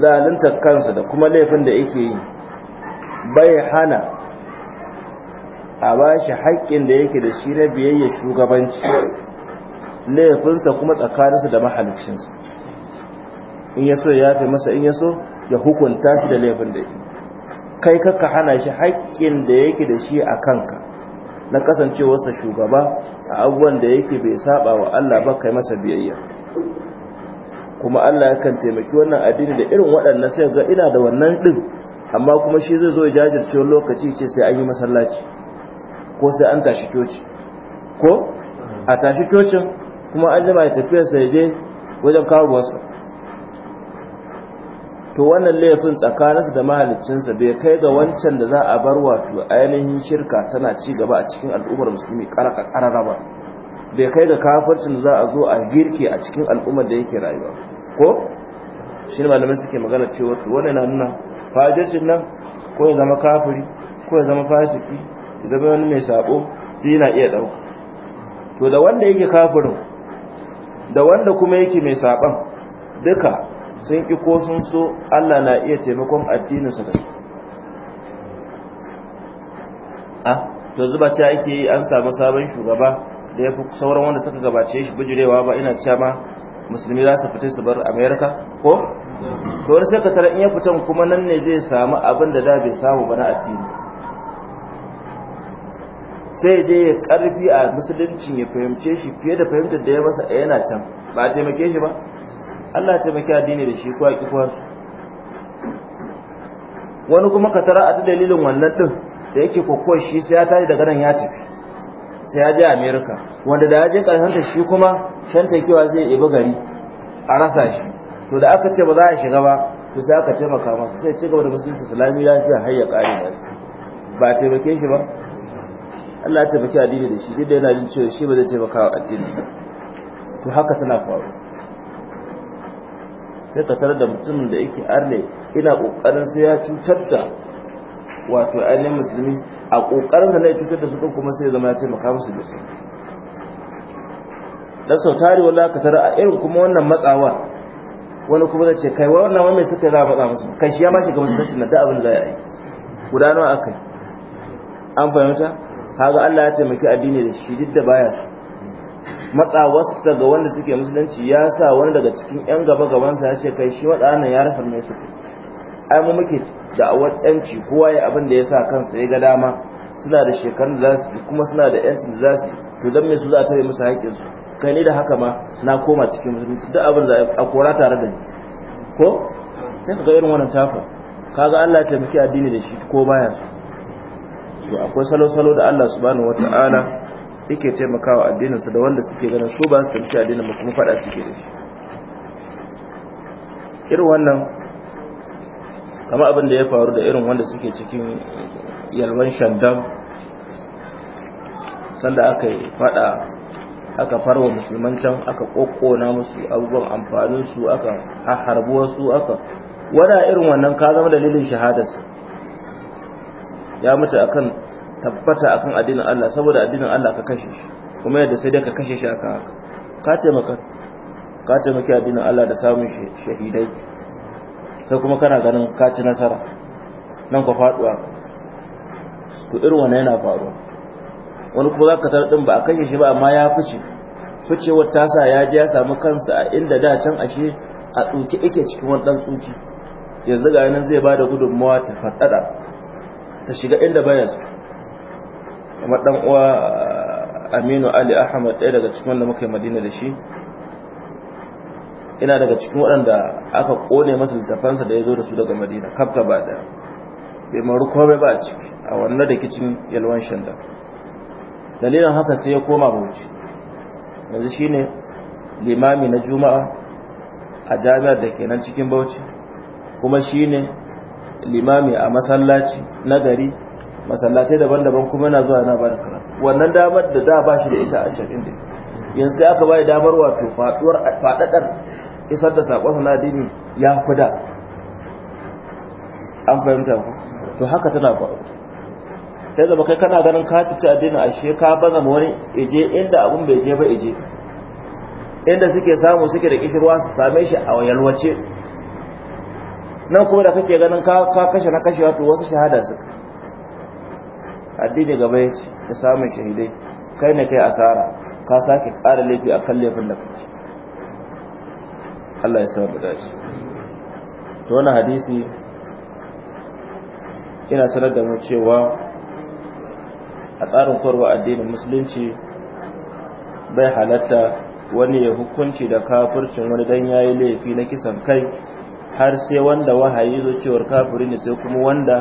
zalunta kansa da kuma laifin da yake yi bai hana a ba shi haƙƙin da yake da shi na biyayya shugabanci laifinsa kuma tsakaninsa da mahalicinsa in ya so ya yafe masa in ya so ya hukunta shi da laifin da yake kai kakka hana shi haƙƙin da yake da shi a kanka na kasancewarsa shugaba a abubuwan da yake bai saba wa Allah ba kai masa biyayya kuma Allah yakan taimaki wannan addini da irin waɗannan sai ga ina da wannan din amma kuma shi zai zo jajirce lokaci ce sai an yi masallaci ko sai an tashi coci ko a tashi cocin kuma an jima ya tafiya sai je wajen karuwarsa to wannan laifin tsakaninsa da mahaliccinsa bai kai ga wancan da za a bar wato ainihin shirka tana ci gaba a cikin al'ummar musulmi karara ba bai kai ga kafircin da za a zo a girke a cikin al'ummar da yake rayuwa ko shi ne malamin suke magana cewa to wannan na nuna fajircin nan ko ya zama kafiri ko ya zama fasiki ya zama wani mai sabo sai yana iya ɗauka to da wanda yake kafirin da wanda kuma yake mai saban duka sun ki ko sun so Allah na iya taimakon addininsa da a ah, to zuba ce ake yi an samu sabon shugaba da ya fi sauran wanda suka gabace shi bijirewa ba ina cewa ma musulmi za su fita su bar amerika ko to sai ka tara in ya fitan kuma nan ne zai samu abin da da bai samu ba na addini sai je ya karfi a musulunci ya fahimce shi fiye da fahimtar da ya masa a yana can ba a taimake shi ba Allah taimake addini da shi ko a kwansu wani kuma ka tara a ta dalilin wannan din da yake kokowar shi sai ya tashi daga nan ya tafi sai ya je America wanda da ya je karhanta shi kuma shan takewa zai ibi gari a rasa shi to da aka ce ba za a shiga ba to sai aka taimaka masa sai ci gaba da musulunci islami lafiya har ya kare ba taimake shi ba Allah ya taimaki addini da shi duk da yana jin cewa shi ba zai taimaka wa addini to haka tana faru sai ka tarar da mutumin da yake arne ina kokarin sai ya cutar da wato ainihin musulmi a kokarin da na cutar da su kuma sai zama ya taimaka musu da su dan sau tari wala ka tara a irin kuma wannan matsawa wani kuma zai ce kai wannan wani mai suka za a matsa musu kai shi ya ma shiga musulunci tashin da abin da ya yi gudanarwa akai an fahimta kaga Allah ya taimaki addini da shi duk da baya su matsawarsa ga wanda suke musulunci ya sa wani daga cikin yan gaba gabansa ya ce kai shi waɗannan ya rasa mai su ai mu muke da awadanci kowa ya abin da ya sa kansa ya ga dama suna da shekarun da za su kuma suna da yancin da za su to dan me su za ta yi musu haƙƙin su kai ni da haka ma na koma cikin musulunci duk abin da a kora tare da ni ko sai ka ga irin wannan tafa kaga Allah ya taimaki addini da shi ko baya su to akwai salo-salo da Allah subhanahu wata'ala yake taimakawa addininsu da wanda suke ganin su ba su tafi addinin mu kuma fada suke da shi irin wannan kama abin da ya faru da irin wanda suke cikin yalwan shandam sanda aka yi fada aka farwa musulman can aka kokona musu abubuwan amfanin su aka harbuwa wasu aka wada irin wannan ka zama dalilin shahadarsa ya mutu akan tabbata akan addinin Allah saboda addinin Allah ka kashe shi kuma yadda sai dai ka kashe shi akan haka ka taimaka ka taimaki addinin Allah da samun shahidai sai kuma kana ganin ka ci nasara nan ka faduwa to irin wannan yana faruwa wani kuma zaka tar din ba a kashe shi ba amma ya fice ficewar tasa ya ji ya samu kansa a inda da can ashe a tsuke yake cikin wani dan tsuki yanzu ga nan zai bada gudunmawa ta faɗaɗa ta shiga inda bayan su kuma dan uwa eh, Aminu Ali Ahmad ɗaya daga cikin wanda muka yi Madina da shi ina daga cikin waɗanda aka kone masa littafansa da ya zo da su daga Madina kafka ba da bai maru komai ba a ciki a wannan rikicin yalwan shanda dalilin haka sai ya koma bauchi yanzu shine limami na juma'a a jami'ar da ke nan cikin bauchi kuma shine limami a masallaci na gari masallatai daban-daban kuma yana zuwa yana bada karatu wannan damar da da ba shi da ita a can inda yanzu sai aka bai damar wato faduwar fadadar isar da sakon dini ya kuda an fahimta ku to haka tana ba sai zama kai kana ganin ka fice addini ashe ka baza wani ije inda abun bai je ba ije inda suke samu suke da kishirwa su same shi a yalwace nan kuma da kake ganin ka kashe na kashewa to wasu shahada su addini gaba ya ce da samun shahidai kai ne kai asara ka sake ƙara laifi a kan laifin da kake Allah ya sa mu dace to wannan hadisi ina sanar da mu cewa a tsarin korwa addinin musulunci bai halatta wani ya hukunci da kafircin wani dan yayi laifi na kisan kai har sai wanda wahayi zo cewar kafiri ne sai kuma wanda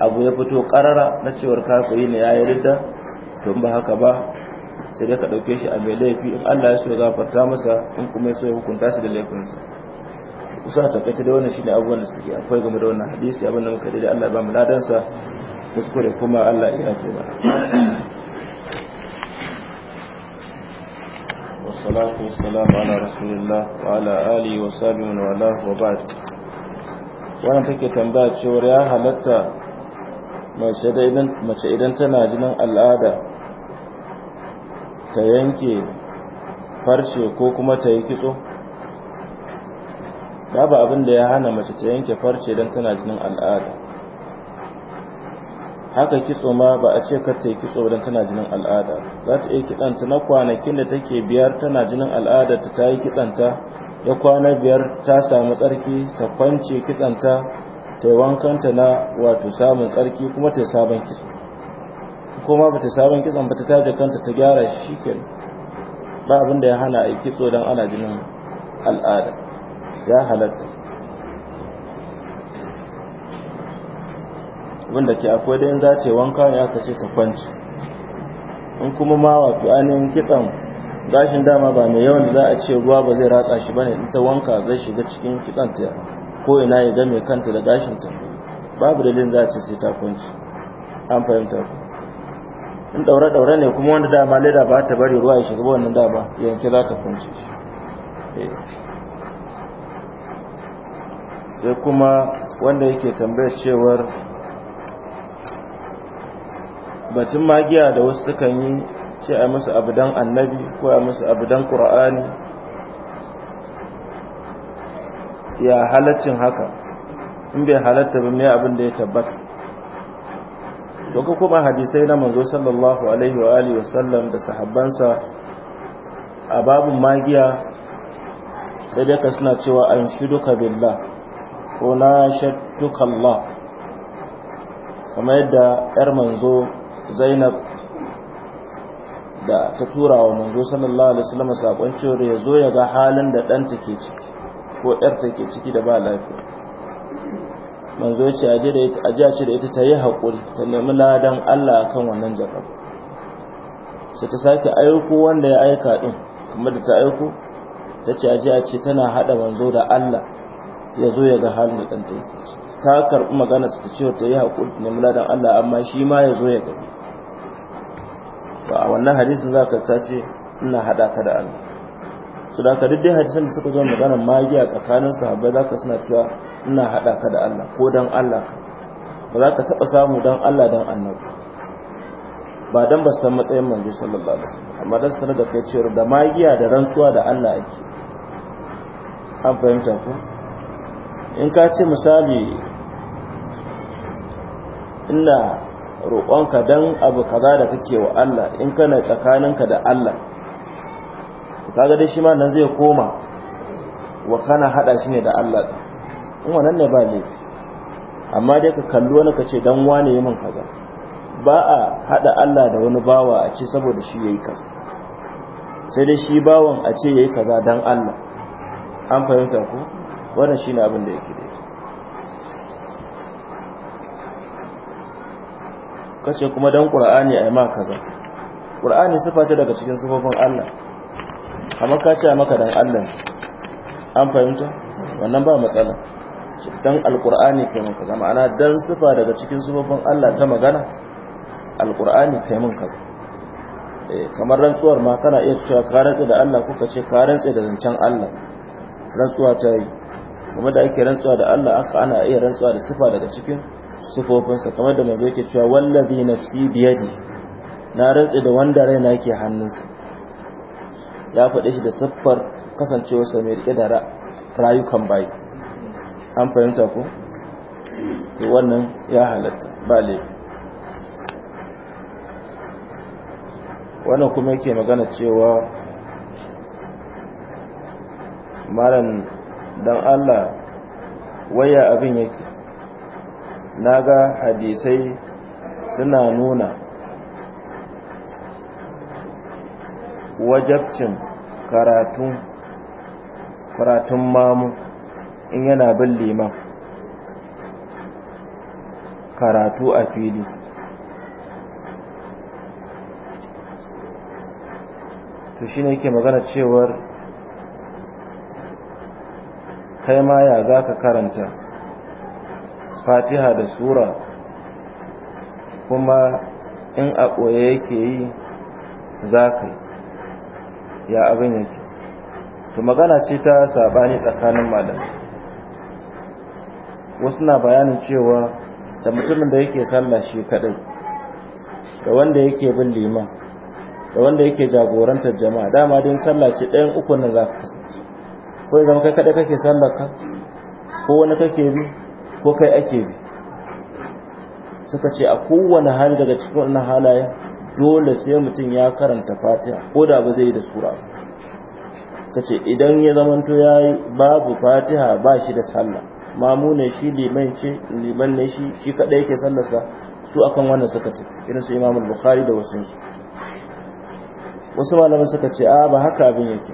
abu ya fito karara na cewar kafiri ne ya yi ridda tun ba haka ba sai dai ka ɗauke shi a mai laifi in Allah ya so ya gafarta masa in kuma ya so ya hukunta shi da laifinsa kusa ta kace da wannan shine abubuwan da suke akwai game da wannan hadisi abin da muka da Allah ba mu ladansa kuskure kuma Allah ya yi والصلاة والسلام take tambaya cewar ya halatta mace idan tana jinin al'ada ta yanke farce ko kuma ta yi kitso babu abin da ya hana mace ta yanke farce don tana jinin al'ada haka kitso ma ba a ce yi kitso don tana jinin al'ada za ta iya kitsanta na kwanakin da take biyar tana jinin al'ada ta yi kitsanta ya kwana biyar ta samu tsarki ta kwance kitsanta ta wankanta na wato samun tsarki kuma ta sabon kitso kuma ba ta sabon kitson ba ta taje kanta ta gyara shi ba abin da ya hana a kitso don ana jinin al'ada ya halatta wanda ke akwai da yin za ta wanka ne aka ce ta kwanci in kuma ma wato ainihin kitsan gashin dama ba mai yawan da za a ce ruwa ba zai ratsa shi bane ita wanka zai shiga cikin kitsan ta ko ina ya game kanta da gashin ta babu dalilin za a ce sai ta kwanci an fahimta in daure daure ne kuma wanda dama leda ba ta bari ruwa ya shiga ba wannan dama yanke za ta kwanci eh. sai kuma wanda yake tambayar cewar batun magiya da wasu sukan yi ce a musu abu dan annabi ko a musu abu dan ya halaccin haka in bai halatta ba mai abin da ya tabbata to kuma hadisai na manzo sallallahu alaihi wa alihi wasallam da sahabbansa a babun magiya sai dai ka suna cewa an duka billah ko na duka Allah kamar yadda yar manzo zainab da ta tura wa manzo sallallahu alaihi wasallam sakon cewa ya zo ya ga halin da ɗanta ke ciki ko ƴar take ke ciki da ba lafiya manzo ya ce aje da ita aje ce da ita ta yi hakuri ta nemi ladan Allah akan wannan jarraba sai ta sake aiko wanda ya aika din kuma da ta aiko ta ce aje a ce tana hada manzo da Allah ya zo ya ga halin da ɗanta take ciki ta karbi maganarsa ta ce ta yi hakuri ta nemi ladan Allah amma shi ma ya zo ya gani ba a wannan hadisin za ka tace ina haɗa ka da Allah su da ka daidai hadisin da suka zo maganar magiya tsakanin sahabbai za ka suna cewa ina haɗa ka da Allah ko don Allah ka ba za ka taɓa samu don Allah don annabi ba dan ba san matsayin manzo sallallahu alaihi wasallam amma dan sanar da kai cewa da magiya da rantsuwa da Allah ake an fahimta ko in ka ce misali ina roƙonka don abu kaza da kake wa Allah in kana tsakaninka da Allah ga dai shi ma nan zai koma wa kana hada shi ne da Allah in wannan ne ba laifi amma dai ka kalli wani ka ce dan wane yi min kaza ba a hada Allah da wani bawa a ce saboda shi yayi kaza sai dai shi bawan a ce yayi kaza dan Allah an fahimta ku wannan shine abin da yake kace kuma dan qur'ani ai ma kaza qur'ani sifa ce daga cikin sifofin Allah amma ka ce maka dan Allah an fahimta wannan ba matsala dan alqur'ani kai mun kaza ma'ana dan sifa daga cikin sifofin Allah ta magana alqur'ani kai mun kaza eh kamar rantsuwar ma kana iya cewa ka rantsa da Allah ka ce ka rantsa da zancan Allah rantsuwa ta yi kuma da ake rantsuwa da Allah aka ana iya rantsuwa da sifa daga cikin sifofinsa kamar da mai yake cewa wallazi nafsi biyadi na rantsi da wanda raina yake hannunsa ya faɗe shi da siffar kasancewarsa mai riƙe da rayukan bayi an fahimta ku. to wannan ya halatta ba laifi wannan kuma yake magana cewa malam dan Allah waya abin yake na ga hadisai suna nuna wajabcin karatun karatun mamu in yana bin liman karatu a fili to shi ne yake magana cewar kai ma ya za ka karanta fatiha da sura kuma in a ɓoye yake yi za ka ya abin yake to magana ce ta saɓani tsakanin malam wasu na bayanin cewa da mutumin da yake sallah shi kaɗai da wanda yake bin liman da wanda yake jagorantar jama'a dama din sallah ce ɗayan uku nan za ka kasance ko zama kai kaɗai kake sallar ka ko wani kake bi ko kai ake bi suka ce a kowane hali daga cikin wannan halaye? dole sai mutum ya karanta fatiha ko da ba zai yi da sura ka ce idan ya zamanto ya yi babu fatiha ba shi da sallah mamu ne shi liman ce liman ne shi shi kaɗai yake sallarsa su akan wannan suka ce irin su imamul bukhari da wasu su wasu malamai suka ce a ba haka abin yake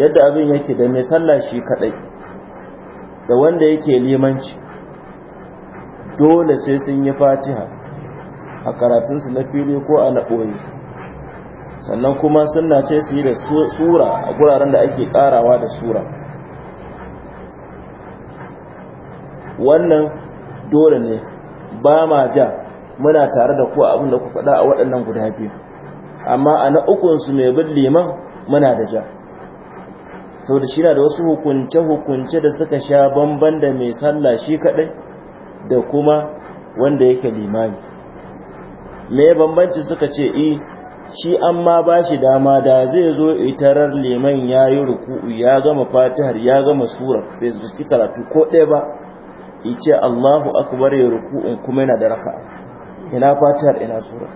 yadda abin yake da mai sallah shi kaɗai da wanda yake limanci dole sai sun yi fatiha a karatunsu na fili ko a na sannan kuma suna ce su yi da sura a guraren da ake ƙarawa da sura wannan dole ne ba ma ja muna tare da kuwa abin ku faɗa a waɗannan guda biyu amma a na ukunsu mai bin liman muna da ja da shi da wasu hukunce-hukunce da suka sha bamban da mai sallah shi kadai, da kuma wanda yake limani me bambanci suka ce i shi an ma ba shi dama da zai zo itarar liman ya yi ruku'u ya gama fatihar ya gama sura bai zuci karatu ko ɗaya ba ice allahu akbar ya ruku'un kuma yana da raka ina fatihar ina sura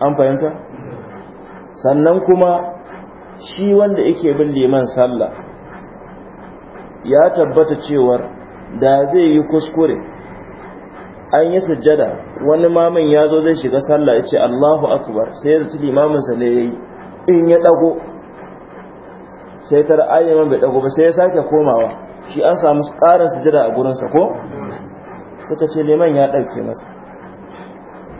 an fahimta sannan kuma shi wanda yake bin liman sallah ya tabbata cewar da zai yi kuskure an yi sujjada wani mamin ya zo zai shiga sallah ya ce allahu akbar sai ya zaci sa ne ya yi in ya ɗago sai tara ayyaman bai ɗago ba sai ya sake komawa shi an samu karin sujjada a gurinsa ko suka ce liman ya ɗauke masa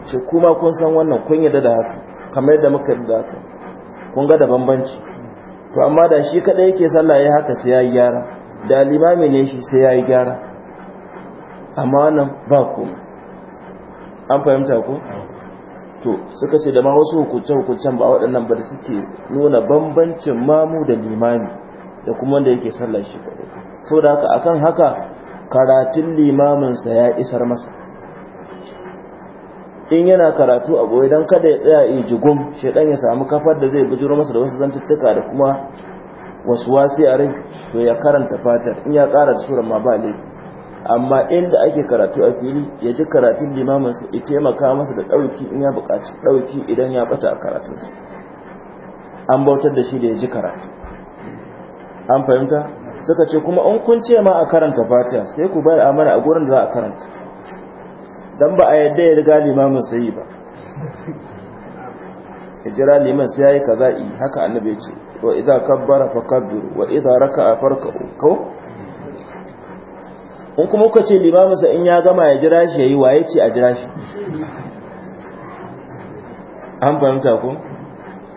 shi kuma kun san wannan kun yadda da haka kamar yadda muka yadda haka kun ga da bambanci to amma da shi kada yake sallah yayi haka sai yayi gyara da limami ne shi sai yayi gyara amma wannan ba ku an fahimta ku to suka ce da ma wasu hukunce hukuncen ba waɗannan ba da suke nuna bambancin mamu da limami da kuma wanda yake sallah shi kaɗai saboda haka akan haka karatun limaminsa ya isar masa in yana karatu a goyi don kada ya tsaya yi jigun, shaidan ya samu kafar da zai bujuro masa da wasu zantuttuka da kuma wasu wasi a rai to ya karanta fatar in ya kara da sura ma ba laifi amma inda ake karatu a fili ya ji karatun limamin su ya taimaka masa da ɗauki in ya buƙaci ɗauki idan ya bata a karatun su an bautar da shi da ya ji karatu an fahimta suka ce kuma in kun ce ma a karanta fatiha sai ku bayar amana a gurin da za a karanta dan ba a yadda ya riga limamin sai ba ijira liman sai yayi kaza yi haka annabi ya ce wa idza kabbara fakabbiru wa idza raka'a farka'u in kuma kuka ce limaminsa in ya gama ya jira shi ya yi waye ce a jira shi an fahimta ku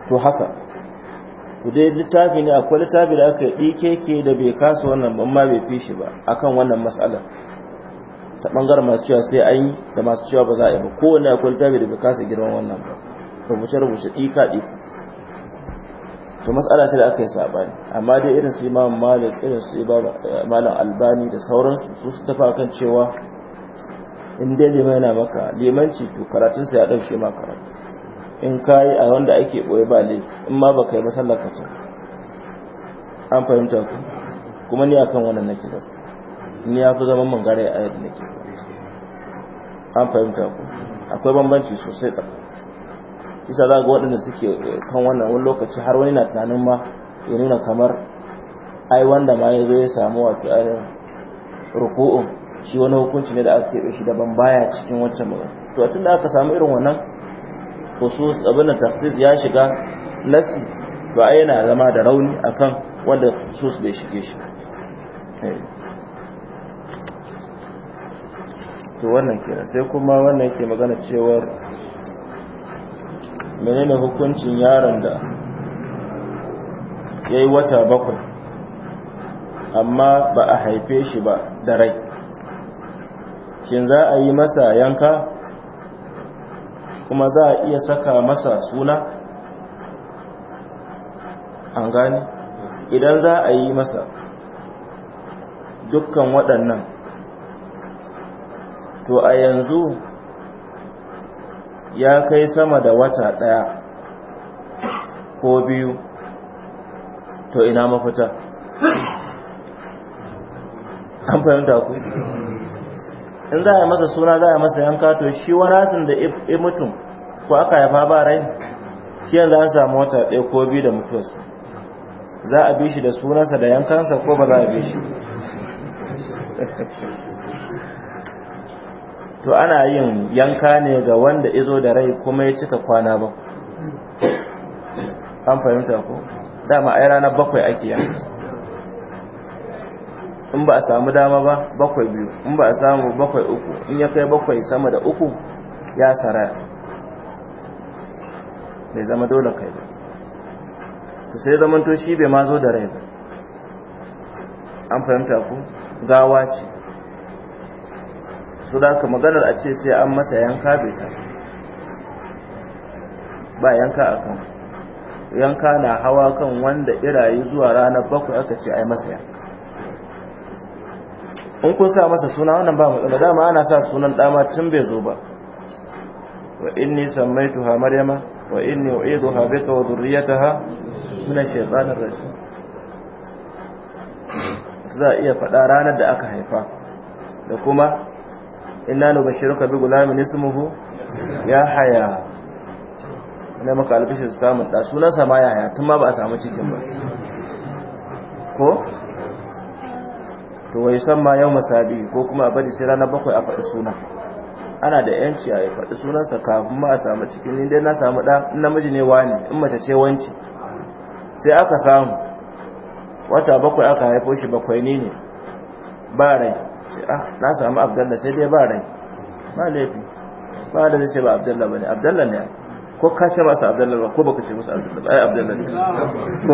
to haka to dai littafi ne akwai littafi da aka yi keke da bai kasa wannan ban ma bai fi shi ba akan wannan matsalar ta bangaren masu cewa sai an yi da masu cewa ba za a yi ba kowanne akwai littafi da bai kasa girman wannan ba rubuce rubuce ɗika ɗika to matsala ce da aka yi sabani amma dai irin su imam malik irin su eh, malam albani da sauransu su su tafa kan cewa in dai liman yana maka limanci to karatun sa ya dauke ma karatu in kai a wanda ake boye ba ne in ma baka yi ba sallar ka an fahimta ku kuma ni akan wannan nake gaskiya ni ya fi zaman gare a ne ke, an fahimta ku akwai bambanci sosai tsaka isa za ga waɗanda suke kan wannan wani lokaci har wani na tunanin ma ya nuna kamar ai wanda ma ya zo ya samu wato ainihin ruku'un shi wani hukunci ne da aka keɓe shi daban baya cikin wancan ba to tun da aka samu irin wannan khusus abin da tafsir ya shiga nasi to ai yana zama da rauni akan wanda khusus bai shige shi eh. to wannan kenan sai kuma wannan ke magana cewar menene hukuncin yaron da ya yi wata bakwai amma ba a haife shi ba da rai shin za a yi masa yanka kuma za a iya saka masa suna an gane idan za a yi masa dukkan waɗannan to a yanzu ya kai sama da wata ɗaya ko biyu to ina mafita an fahimta ku in za a masa suna za a masa yanka to shi warasin da ya mutum ko aka haifa ba rai shi yanzu an samu wata ɗaya ko biyu da mutuwa za a bi shi da sunansa da yankansa ko ba za a bi shi to ana yin yanka ne ga wanda izo da rai kuma ya cika kwana ba an fahimta ko dama ai ranar bakwai ake yanka in ba a samu dama ba bakwai biyu in ba a samu bakwai uku in ya kai bakwai sama da uku ya sara bai zama dole kai ba ta sai zamanto shi bai ma zo da rai ba an fahimta ku gawa ce su da ka maganar a ce sai an masa yanka bai ta ba yanka a kan yanka na hawa kan wanda irayi zuwa ranar bakwai aka ce ai masa yanka in kun sa masa suna wannan ba matsala dama ana sa sunan dama tun bai zo ba wa inni sammaituha maryama wa inni u'iduha bika wa dhurriyyataha min ash-shaytanir rajim za a iya faɗa ranar da aka haifa da kuma inna nubashiruka bi gulamin ismuhu ya haya ina maka albishir samun da sunan sa ma ya haya tun ma ba a samu cikin ba ko to wai san ma yau masabi ko kuma a bari sai rana bakwai a faɗi suna ana da yanci a faɗi sunansa kafin ma a samu cikin ni dai na samu ɗa in namiji ne wani in mace ce wanci sai aka samu wata bakwai aka haifo shi bakwai ne ne ba rai sai ah, na samu abdalla sai dai ba rai ba laifi ba da zai ce ba abdalla bane abdalla ne ko ka ce masa abdalla ba ko baka ce masa abdalla ba ai abdalla ne ko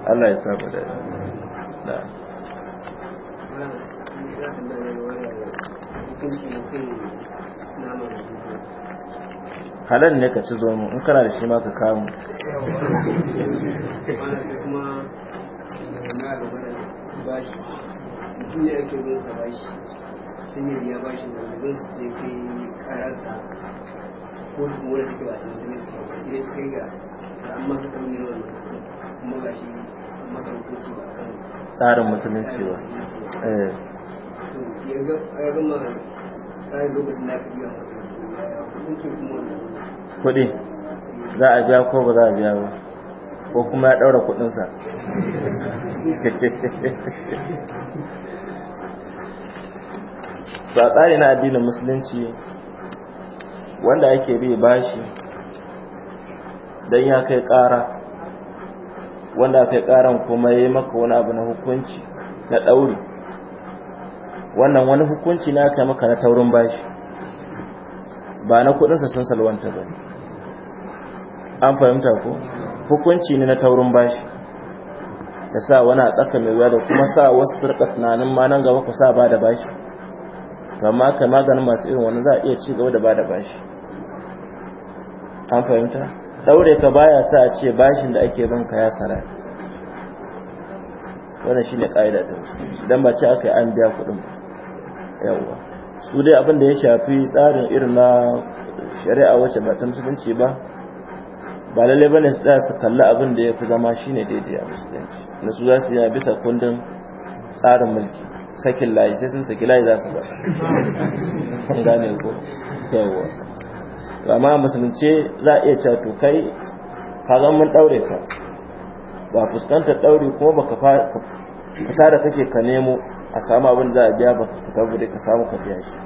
Allah ya saba da da halal ne ka ci zomo in kana da shi ma ka kamu bashi mutum ne ake bin sa bashi sun yi ya bashi da zai su sai kai karasa ko da mura take ba da sai ta sai ta kai ga an masa kamar wani kuma ga shi masa hukunci ba kan tsarin musulunci ba eh yanzu ya gama tsarin lokacin da aka biya masa kuɗi za a biya ko ba za a biya ba ko kuma ya ɗaura kuɗinsa ba tsari na addinin musulunci wanda ake bi bashi don ya kai ƙara wanda kai ƙaran kuma ya yi maka wani abu na hukunci na ɗauri wannan wani hukunci na kai maka na taurin bashi ba na kuɗinsa sun salwanta ba an fahimta ko hukunci ne na taurin bashi da sa wani a tsaka mai wuya da kuma sa wasu surka tunanin ma nan gaba ku sa ba da bashi amma ka maganin masu irin wani za a iya ci gaba da ba da bashi an fahimta daure ka baya sa a ce bashin da ake bin ka ya sara wannan shine kaida ta Idan ba ce aka yi an biya kuɗin yawa su dai abin da ya shafi tsarin irin na shari'a wacce ba ta musulunci ba ba lalle bane su su kalli abin da ya fi zama shine daidai a musulunci na su za su yi bisa kundin tsarin mulki sakin layi sai sun saki layi za su ba su gane ko yawa amma musulunci za a iya cewa to kai ka zan mun daure ka ba fuskantar daure kuma baka fita da kake ka nemo a samu abin da za a biya baka fita bude ka samu ka biya shi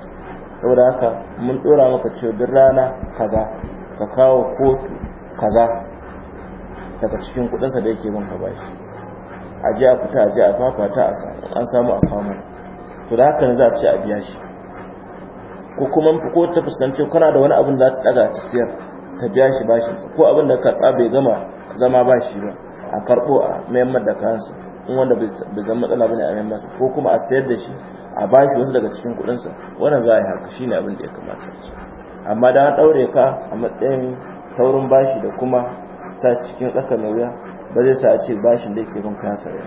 saboda haka mun dora maka cewa duk rana kaza ka kawo kotu kaza daga cikin kudinsa da yake bin ka bashi a ji a fita a ji a fafata a samu an samu a kama to da haka ne za a ce a biya shi ko kuma ko ta fuskanci kana da wani abin da za ta daga ta siyar ta biya shi bashinsa ko abin da karɓa bai gama zama bashi ba a karɓo a mayan da kayansa in wanda bai zama matsala bane a mayan sa, ko kuma a sayar da shi a bashi wasu daga cikin kuɗinsa wannan za a yi haka shine abin da ya kamata amma da an ɗaure ka a matsayin taurin bashi da kuma sa cikin tsaka mai wuya ba zai sa a ce bashin da yake bin kansa ya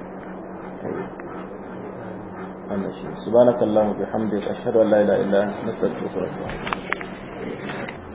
Allah shi subhanakallahumma bihamdika ashhadu an la ilaha illa anta astaghfiruka wa atubu